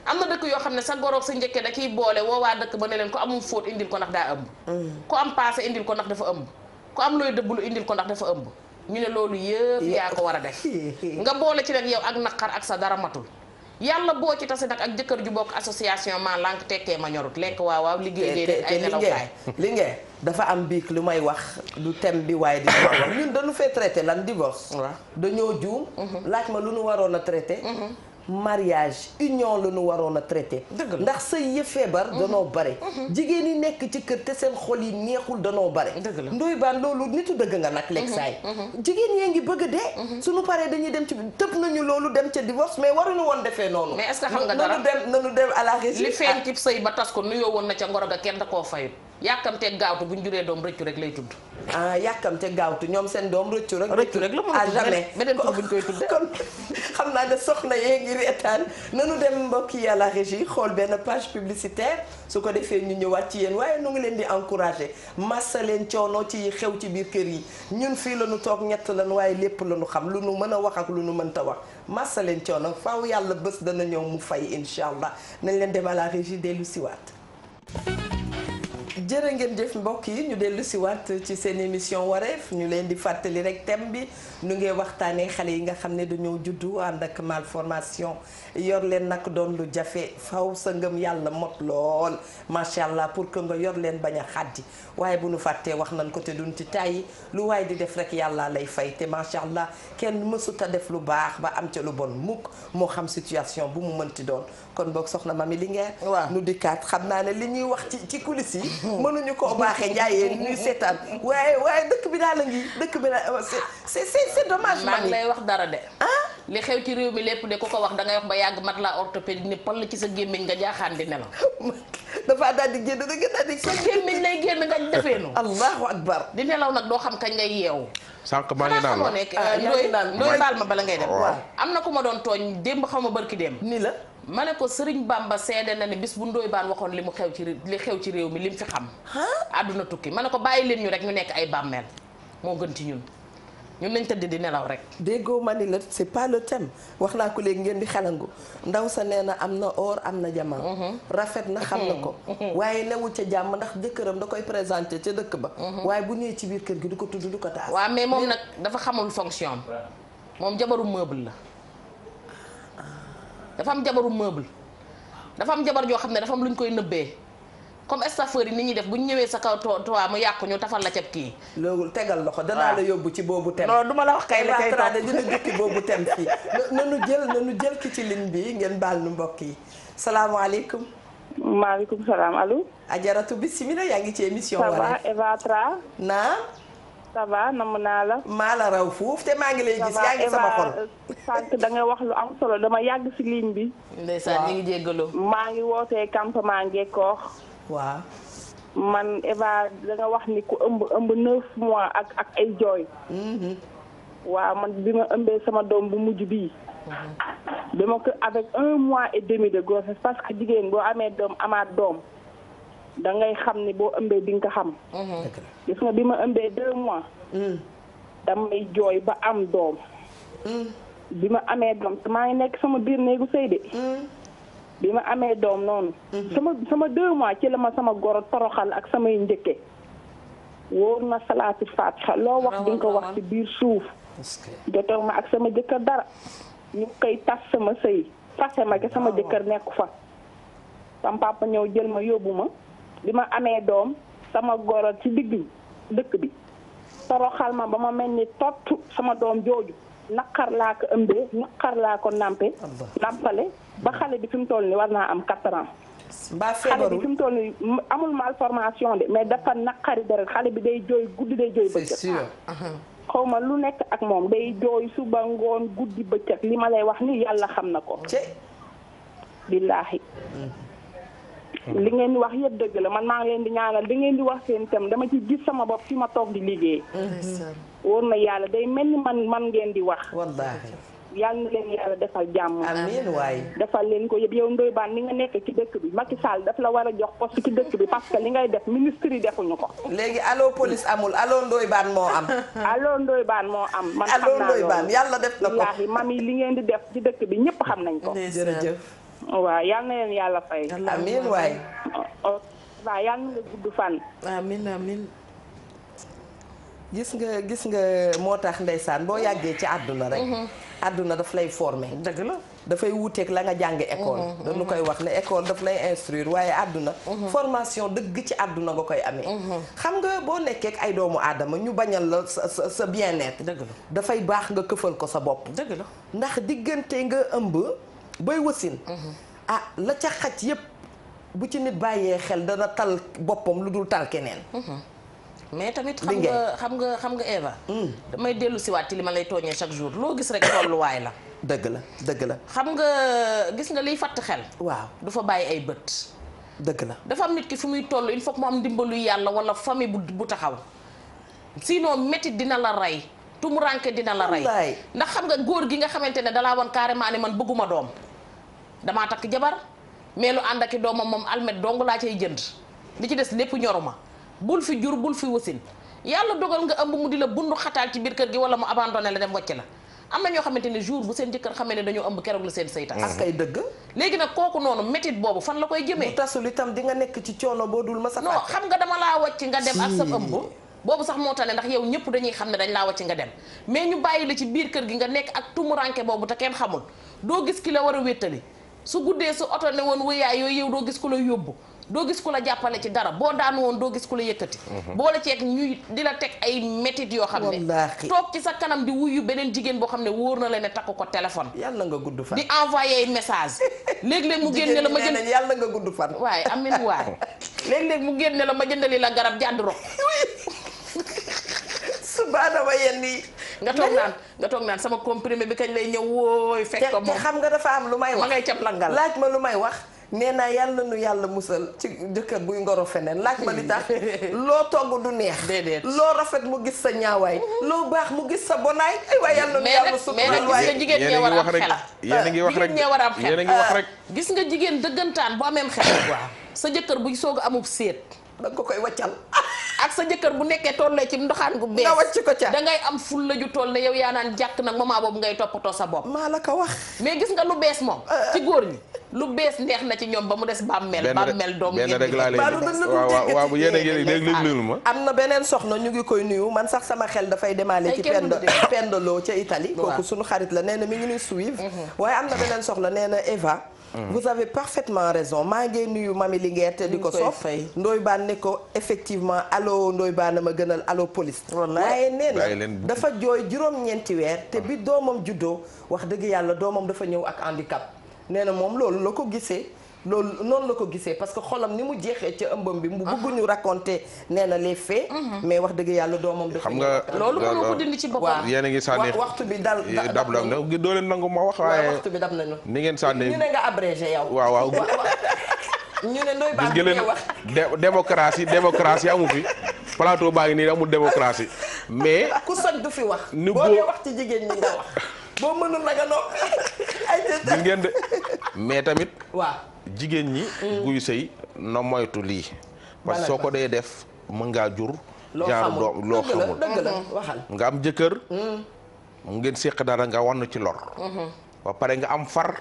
Speaker 2: am na dëkk yoo xam ne sa goroog sa njëkke da ciy boole woo waa dëkk ba ne leen ku amul fóot indil ko ndax daa ëmb. ku am paase indil ko ndax dafa ëmb. ku am looy dëbblu indil ko ndax dafa ëmb. ñu ne loolu yëpp yaa ko war a def. nga boole ci nag yow ak naqar ak sa dara matul. yàlla boo ci tasee nag ak jëkkër ju bokk association ma lànk tekkee ma ñorut lekk waaw waaw liggéey dee ay nelawkaay
Speaker 1: li ngeen dafa am biig lu may wax du thème bi waaye di wax ñun dañu fee traité lan divorce. waaw dañoo juum. Mhm. laaj ma lu nu waroon a traité. Mhm. mariage union la ñu waroon a traité ndax sëy yi feebar mhm. danoo bare mhm. jigéen yi nekk ci kër te seen xol yi neexul danoo bare ndoy baan loolu nitu dëgg nga nag lekk mhm. saay jigéen yee ngi bëgg a dee suñu paree dañuy dem ci tëb nañu loolu dem ca divorce mais waruñu woon defee noonu mais est-ce que xam nga dara nanu dem nanu dem à
Speaker 2: la régie li feeñ ci sëy ba tas ko nuyoo woon na ca ngoro ga kenn da koo fayut yàkkamteeg gaawtu bu ñu juree doom
Speaker 1: rëccu rek lay tudd. ah yàkkamteeg gaawtu ñoom seen doom rëccu rek. rëccu rek la mën a jamais beneen tur bu ñu koy tuddee. kon xam naa ne soxna yee ngi reetaan nanu dem mbokk yi à la régie xool benn page publicitaire su ko defee ñu ñëwaat ci yéen waaye nu ngi leen di encouragé massa leen coono ci xew ci biir kër yi ñun fii la nu toog ñett lañu waaye lépp la ñu xam lu nu mën a wax ak lu nu mënta wax massa leen coono faaw yàlla bés dana ñëw mu fay incha allah nañ leen dem à la jërë ngeen jëf mbokk yi ñu dellu si ci seen émission wareef ñu leen di fàttali rek thème bi nu ngee waxtaanee xale yi nga xam ne dañoo juddu ànd ak malformation yor leen nag doon lu jafe faw sa ngëm yàlla mot lool macha allah pour que nga yor leen bañ a xàddi waaye bu nu fàttee wax nañ ko te duñ ci tàyyi lu waaye di def rek yàlla lay fay te macha allah kenn mësuta def lu baax ba am ca lu bon mukk moo xam situation bu mu mënti doon kon boog soxna ma Linguère waaw nu dikkaat xam naa ne li ñuy wax ci ci coulisses yi mënuñu koo baaxee njaayeen c'est maa ngi lay wax
Speaker 2: dara de. ah li xew ci réew mi lépp de ku ko wax da ngay wax ba yàgg mat la orthopédique ni pal ci sa gémmiñ nga jaaxaan di nelaw.
Speaker 1: dafa daal di génn rek daal di. sa gémmiñ lay génn nga defee noonu. allahu
Speaker 2: akbar. di nelaw nag doo xam kañ ngay yeewu.
Speaker 3: sànq maa nekk naan ah, ndooy baal ma bala ngay dem.
Speaker 2: am na ku ma doon tooñ démb xaw ma barki démb. nii la ma ne ko Serigne Bamba seede na ne bis bu ndooy baan waxoon li mu xew ci li xew ci réew mi li mu fi xam. àdduna tukki ma ne ko bàyyi leen ñu rek
Speaker 1: ñu nekk ay bàmmeel moo gën ci ñun ñun nañ tëdd di nelaw rek. déggoo ma ni la c' est pas le thème wax naa ko léegi ngeen di xalangu ndaw sa nee na am na or am na jaman mhm. rafet na xam na ko. Mhm. waaye newul ca jàmm ndax jëkkëram da koy présenté ca dëkk ba.
Speaker 2: Mhm. waaye bu ñëwee ci biir kër gi du ko tudd du ko taal. waaw mais moom nag dafa xamul fonction moom jabaru meuble la. Ah. dafa am jabaru meuble. dafa am jabar joo xam ne dafa am lu ñu koy nëbbee. comme staffeur yi ni ñuy def bu ñu ñëwee sa kaw to towa mu yàqu ñu
Speaker 1: tafal la ceeb kii. loolu tegal loxo danaa ah. la yóbbu ci boobu tem. non du ma la wax kay la kay toog dina jukki boobu tem jël nanu jël ki ci ligne bi ngeen baal nu mbokk yi salaamaaleykum. maaleykum salaam allo. ajaratu bismilla yaa ngi ci émission. wala ça va Eva Tra. naa. ça la. maa
Speaker 8: la raw foofu te maa ngi lay gis. yaa ngi sama xol
Speaker 6: euh, sànq da nga wax lu am solo dama yàgg ci ligne bi. ndeysaan ñu ngi jéggaloo. maa ngi wootee campement Ngekoox. waaw man Eva da wax ni ku ëmb ëmb neuf mois ak ak ay jooy mm-hmm. waaw man bi ma ëmbee sama doom bu mujj bii dama ko avec un mois et demi de grossesse parce que jigéen boo amee doom amaat doom da ngay xam ni boo ëmbee di nga ko xam mm-hmm. gis nga bi ma ëmbee deux mois mm. damay jooy ba am doom mm. bi ma amee doom maa ngi nekk sama biir néegu sëy de mm. bi ma amee doom noonu. Mhm. sama sama ci la ma sama goro toroxal ak samay njëkke wóor na salaati faatixa loo wax di nga ko wax ci biir suuf. jotoo ma ak sama jëkkër dara ñu koy tas sama sëy fase ma ke sama jëkkër nekku fa. sama ñëw jël ma yóbbu ma bi ma amee doom sama goro ci digg dëkk bi toroxal ma ba ma mel ni tott sama doom jooju naqar laa ko ëmbee naqar laa ko nampe nampale. ba xale bi fi mu toll nii war naa am 4 ans.
Speaker 5: mbaa xale bi fi mu
Speaker 6: toll nii amul malformation de mais dafa naqari deret xale bi day jooy guddi day jooy bëccëg. c'est ah. xaw ma lu nekk ak moom day jooy suba ngoon guddi bëccëg li ma lay wax ni yàlla xam na ko. billaahi. Hmm. li ngeen di wax yëpp dëgg la man maa ngeen di ñaanal di ngeen di wax seen itam dama ci gis sama bopp fi ma toog di liggéey. Hmm. wóor na yàlla day mel ni man man ngeen di wax. wallaahi. yàlla na leen yàlla defal jàmm. amiin waaye defal leen ko yëpp yow Ndoye Bane nga nekk ci dëkk bi Macky Sall daf la war a jox poste ci dëkk bi parce que li ngay def ministre yi defuñu ko.
Speaker 1: léegi allo police amul allo Ndoye Bane moo am.
Speaker 6: allo Ndoye Bane moo am. man xam naa loolu yàlla def na ko. wallaahi mami li ngeen di def ci dëkk bi ñëpp xam nañ ko. jërëjëf. waaw yàlla na leen yàlla fay.
Speaker 1: amiin waay. waaw yàlla na la oh, oh, gudd fan. amiin amiin. gis nga gis nga moo tax ndeysaan boo yàggee ci àdduna rek. Mm-hmm. àdduna daf lay former. dëgg la dafay wuuteeg la nga jàng école. Mm-hmm, dañu mm-hmm. koy wax ne école daf lay instruire waaye àdduna. Mm-hmm. formation dëgg ci àdduna nga koy amee. xam nga boo nekkee ay doomu aadama ñu bañal la sa sa sa bien-être. dafay baax nga këfal ko sa bopp. dëgg la ndax diggante nga ëmb bay wasin. ah la ca xaj yépp bu ci nit bàyyee xel dana tal boppam lu dul tal keneen. mais
Speaker 2: tamit xam nga xam nga xam nga Eva. Hmm. damay dellu siwaat ci li ma lay tooñee chaque jour loo gis rek tolluwaay la.
Speaker 1: dëgg la dëgg la.
Speaker 2: xam nga gis nga liy fatt xel. waaw du fa bàyyi ay
Speaker 1: bët. dëgg la
Speaker 2: dafa am nit ki fu muy toll il faut que mu am ndimbalu yàlla wala famille bu bu taxaw sinon métit dina la rey. tumuranke dina la rey ndax xam nga góor gi nga xamante ne dalaa woon carrément ne man bëgguma doom damaa takk jabar mais lu ànd ak i doomam moom almet dong laa cay jënd li ci des lépp ñoruma bul fi jur bul fi wasin yàlla dogal nga ëmb mu di la bundu xataal ci biir kër gi wala mu abandonné la dem wàcc la am na ñoo xamante ne jour bu seen jëkkër xamee ne dañoo ëmb keroog la seen say tas ak ay dëgg léegi nag kooku noonu métit boobu fan la koy jëmee bu tasul itam di nga nekk ci coono boo ma sa non nga dama laa nga dem ak sa ëmb boobu sax moo tax ne ndax yow ñëpp dañuy xam ne dañ laa wàcc nga dem mais ñu bàyyi la ci biir kër gi nga nekk ak tumuranke boobu te kenn xamul doo gis ki la war a wéttali su guddee su oto ne woon wéyaay yooyu yow doo gis ku la yóbbu doo gis ku la jàppale ci dara boo daan woon doo gis ku la yëkkati mhm. boo la ceeg ñuy di la teg ay métit yoo xam ne toog ci sa kanam di wuyu beneen jigéen boo xam ne wóor na la ne takk ko téléphone yàlla nga gudd fan di envoyé message léeg-léeg mu génne la ma jënd yàlla nga
Speaker 1: gudd fan waaye amin waay
Speaker 2: léeg-léeg mu génne la ma jëndali la garab jànd rok
Speaker 1: subaana wa nga toog naan sama comprimé bi kañ lay ñëw wooy fekk ko xam nga dafa am lu may wax ma ngay cap langal laaj ma lu may wax nee naa yàlla nu yàlla musal ci jëkkër buy ngoro feneen laaj ma li tax loo togg du neex déedéet loo rafet mu gis sa ñaawaay loo baax mu gis sa bonaay ay waay yàlla nu yàlla sutural waay
Speaker 5: jigéen ñee ngi wax rek ñee war a am xel yéen
Speaker 1: gis nga jigéen dëggantaan bu ameem
Speaker 2: xel waaw sa jëkkër bu soog amub seet da ko koy waccal ak sa jëkkër bu nekkee tollee ci ndoxaan gu bees nga wàcc ko ca da ngay am ful la ju toll ne yow yaa naan jàkk nag moment boobu ngay toppatoo sa bopp maa la ko wax mais gis nga lu bees moom euh, ci góor ñi lu bees neex na ci ñoom ba mu des
Speaker 1: bàmmeel
Speaker 3: bàmmeel doom benn rek laa waaw bu yéen a ngi dégg déglu ma
Speaker 1: am na beneen soxna ñu ngi koy nuyu man sax sama xel dafay demaale ci pendolo ca Italie kooku suñu xarit la nee na mi ngi nuy suivre mhm. waaye am na beneen soxna nee Eva Mm. vous avez parfaitement raison maa ngi nuyu ma mami Linguère te di ko sof ndoy baan ne ko effectivement allo ndoy baan ma gënal allo police oh, waaye nee na dafa jooy juróom-ñeenti weer te bi ah. doomam juddoo wax dëgg yàlla doomam dafa ñëw ak handicap nee na moom loolu la ko gisee loolu noonu la ko gisee parce que xolam ni mu jeexee ca ëmbam bi mu ah. bëgguñu raconter nee na les faits mhm. mais wax dëgg yàlla doomam dafa xam nga loolu mënoo ko dindi ci boppam yéen ngi sànni waxtu bi dal eh, dab dab na
Speaker 3: doo leen nangu ma wax waaye waxtu bi ngeen sànni ñu
Speaker 1: ne nga abrégé yow waaw waaw ñu ne ndoy baax ngeen wax
Speaker 3: démocratie démocratie amu fi plateau baa ngi nii amul démocratie mais
Speaker 1: ku soj du fi wax ni boo dee jigéen ñi nga wax boo
Speaker 3: ngeen de mais tamit waa jigéen ñi. Mm. buy sëy na moytu lii. parce que soo ko dee def mën ngaa jur. loo xamul loo xamul dëgg
Speaker 1: mm-hmm.
Speaker 3: nga am jëkkër. mu mm. ngeen séq dara nga wan ci lor. Mm-hmm. ba pare nga am far.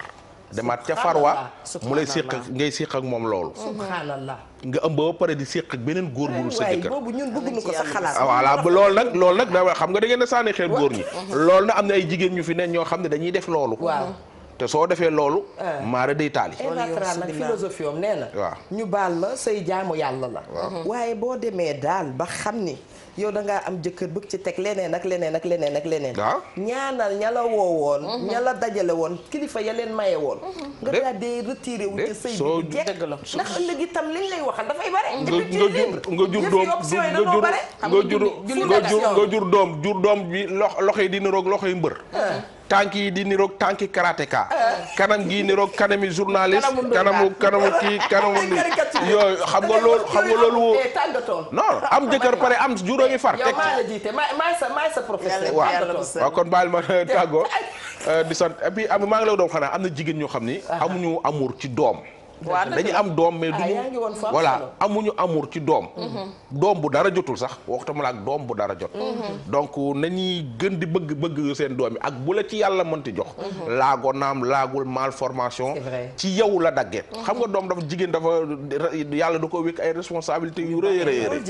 Speaker 3: demaat ca far farwa mu lay séq ak ngay séq ak moom loolu.
Speaker 1: subhanallah
Speaker 3: nga am ba pare di séq ak beneen góor bu dul sa jëkkër.
Speaker 1: boobu ñun bëgg lool ko sax ah,
Speaker 3: nag loolu nag da xam nga da ngeen a sànni xeer góor ñi. lool na am na ay jigéen ñu fi ne ñoo xam ne dañuy def loolu. waaw te soo defee loolu. Eh. maara day taali. nag
Speaker 1: philosophie am nee na. waaw ñu baal la say jaamu yàlla la. Mhm. waaye boo demee daal ba xam ni. yow da ngaa am jëkkër bëgg ci teg leneen ak leneen ak leneen ak leneen. waaw ah. ñaanal ña la woo woon. Mhm. ña la dajale woon kilifa ya leen maye woon. Mhm. nga daal di retiré wu ca sëy bi dëgg la ndax ëllëg itam liñ lay waxal dafay bare. nga jur nga jur doom
Speaker 3: nga jur nga jur doom jur doom bi lox loxo yi dina roog loxo yi mbër. Eh. tànk yi di niroog tànki karatéka eh. kanam gii niroog kanami journaliste kanamu kanamu kii kanamu yooyu xam nga loolu xam nga loolu eh, woo
Speaker 1: eh, am jëkkër pare am
Speaker 3: juróomi far teg ci
Speaker 1: waaw waaw
Speaker 3: kon baal ma tàggoo di sant am maa ngi la doon xanaa am na jigéen ñoo xam ni amuñu amour ci doom
Speaker 5: dañu am doom mais duñu ah, voilà
Speaker 3: amuñu amour ci doom mhm. doom bu dara jotul sax waxtama la ak doom bu dara jot mhm. donc nañuy gën di bëgg bëgg seen doom yi ak bu la ci yàlla mënti jox mhm. laago naam laagul formation ci yow la daggee xam nga doom dafa jigéen dafa yàlla da ko wékk ay responsabilité yu rëy rëy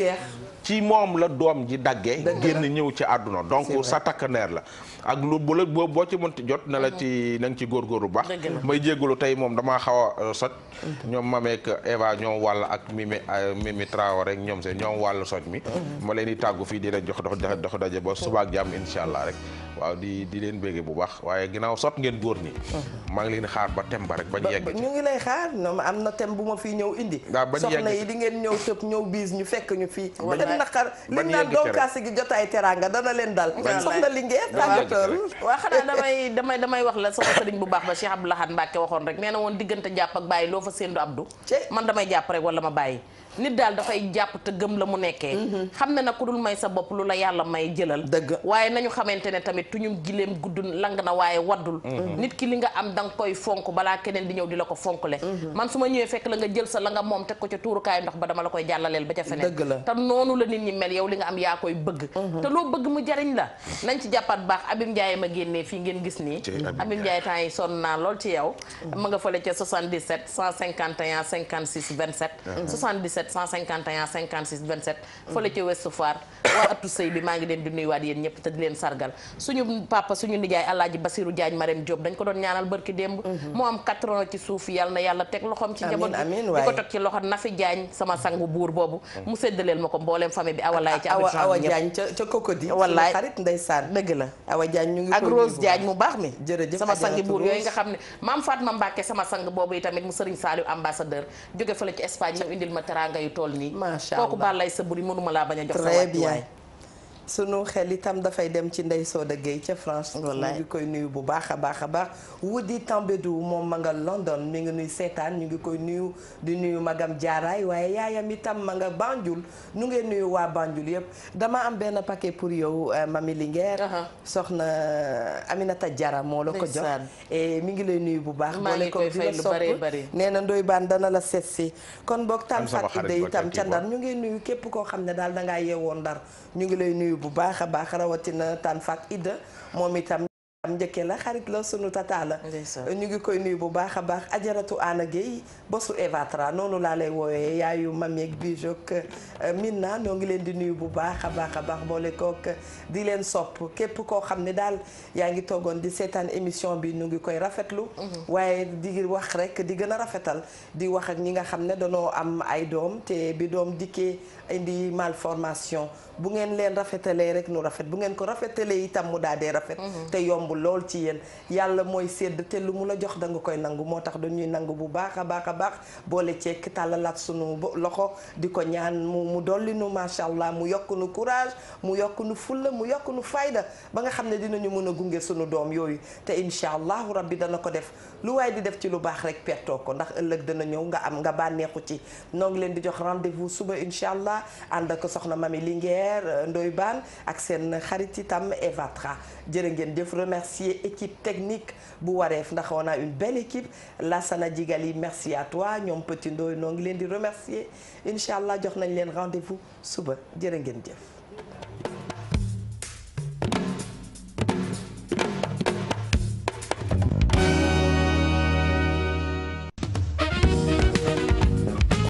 Speaker 3: ci moom la doom ji daggee génn ñëw ci àdduna donc sa takkaneer la ak lu bu la boo ci ti jot na la ci na nga ci góorgóorlu baax may jégalu tey moom damaa xaw a uh, soj mm-hmm. ñoom mameek Eva ñoom wàll ak Mimi uh, Mimi Traoré rek ñoom seen ñoom wàll soj mi mm-hmm. ma leen di tàggu fii di leen jox dox dox daje ba subaak jàmm incha allah rek waaw di di leen béggee bu baax waaye ginnaaw sot ngeen góor ñi mhm. maa ngi leen xaar ba tem ba rek bañ yegg
Speaker 1: ñu ngi lay xaar noom am na tem bu ma fii ñëw indi
Speaker 3: waaw bañ soxna yi di
Speaker 1: ngeen ñëw tëb ñëw biis ñu fekk ñu fii dem naqar li naan doom kaasi gi jotaay teraanga dana leen dal soxna li ngeen tàggatoo waaw xanaa damay damay
Speaker 2: damay wax la sama sëriñ bu baax ba Cheikh Abdou Lahad Mbacké waxoon rek nee na woon diggante jàpp ak bàyyi loo fa séendu Abdou man damay jàpp rek wala ma bàyyi nit daal dafay jàpp te gëm la mu nekkee mhm. xam ne na ku dul may sa bopp lu la yàlla may jëlal dëgg waaye nañu xamante ne tamit tuñum gileem gudd lang na waaye waddul mhm. nit ki li nga am da nga koy fonk balaa keneen di ñëw di la ko fonk fonkle mhm. man su ma ñëwee fekk la nga jël sa la nga moom teg ko ca tuurukaay ndox ba dama la koy jàllaleel ba ca feneen te noonu la nit ñi mel yow li nga am yaa koy bëgg te loo bëgg mu jariñ la nañ ci jàppaat baax Abim Ndiaye ma génnee fii ngeen gis nii Abim Ndiaye temps yi sonn naa lool ci yow ma nga fële ca 77 151 56 751 56 27. fële ca Ouest Foire waa atu sëy bi maa ngi leen di nuyuwaat yéen ñëpp te di leen sargal suñu papa suñu nijaay Alaaji Basiru Jaañ Marème Diop dañ ko doon ñaanal barki démb mhm. mu am quatre ans ci suuf yàlla na yàlla teg loxoom ci njaboot di ko teg ci loxo Nafi Jaañ sama sangu buur boobu mhm. mu séddaleel ma ko mbooleem famille bi awalaay ci awa awa Jaañ ca
Speaker 1: ca Kokodi wallaay xarit ndeysaan dëgg la awa Jaañ ñu ngi ak Rose Jaañ mu baax mi jërëjëf sama sangi buur yooyu nga xam
Speaker 2: ne maam Fatma Mbàkke sama sang boobu yi tamit mu sëriñ Saaliw ambassadeur jóge fële ci Espagne ñëw indil ma teranga nga yu toll nii. macha allah kooku Balla Aïssa Boury mënuma laa bañ a jox sa wàccuwaay.
Speaker 1: sunu xel itam dafay dem ci ndey soo Gueye ca France wallaay ñu ngi koy nuyu bu baax a baax a baax Woody Tambédou moom ma nga London mi ngi nuy seetaan ñu ngi koy nuyu di nuyu magam jaaraay waaye yaayam itam ma nga Banjul nu ngeen nuyu waa Banjul yëpp dama am benn paquet pour yow euh, Mami Linguère soxna euh, Aminata Jara moo la ko jox mu ngi lay nuyu bu baax boole ko di la sopp na ndoy baan dana la seet si kon boog tam fàttide itam ca Ndar ñu ngi nuyu képp koo xam ne daal dangaa yeewoo Ndar ñu ngi lay nuyu bu baax a baax rawatina tan faak idda moom itam am njëkkee la xarit la sunu tata la ñu ngi koy nuyu bu baax a baax ajaratu Anna Gueye bosu Evatra noonu laa lay wooyee yaayu mameeg bijok euh, Minna noo ngi leen di nuyu bu baax a baax a baax boole kook di leen sopp képp koo xam ne daal yaa ngi toogoon di seetaan émission bi ñu ngi koy rafetlu mhm. waaye di wax rek di gën a rafetal di wax ak ñi nga xam ne danoo am ay doom te bi doom dikkee indi mal malformation bu ngeen leen rafetalee rek nu rafet bu ngeen ko rafetalee itam mu daadee rafet mhm. te yomb lool ci yéen yàlla mooy sedd te lu mu la jox da nga koy nangu moo tax dañuy nangu bu baax a baax a baax boole ceek tàllalaat sunu loxo di ko ñaan mu mu dolli nu macha allah mu yokk nu courage mu yokk nu fulla mu yokk fayda ba nga xam ne dinañu mën a gunge sunu doom yooyu te incha allahu bi dana ko def lu waaye di def ci lu baax rek pertoo ko ndax ëllëg dana ñëw nga am nga bànneexu ci noo ngi leen di jox rendez-vous suba incha allah ànd ak soxna mami Linguère Cher euh, Ndoy Baan ak seen xarit itam Eva Tra jërë ngeen jëf remercier équipe technique bu wareef ndax on a une belle équipe Lassana jigal yi à toi ñoom Petit Ndoy noo ngi leen di remercier incha allah jox nañ leen rendez-vous suba jërë ngeen jëf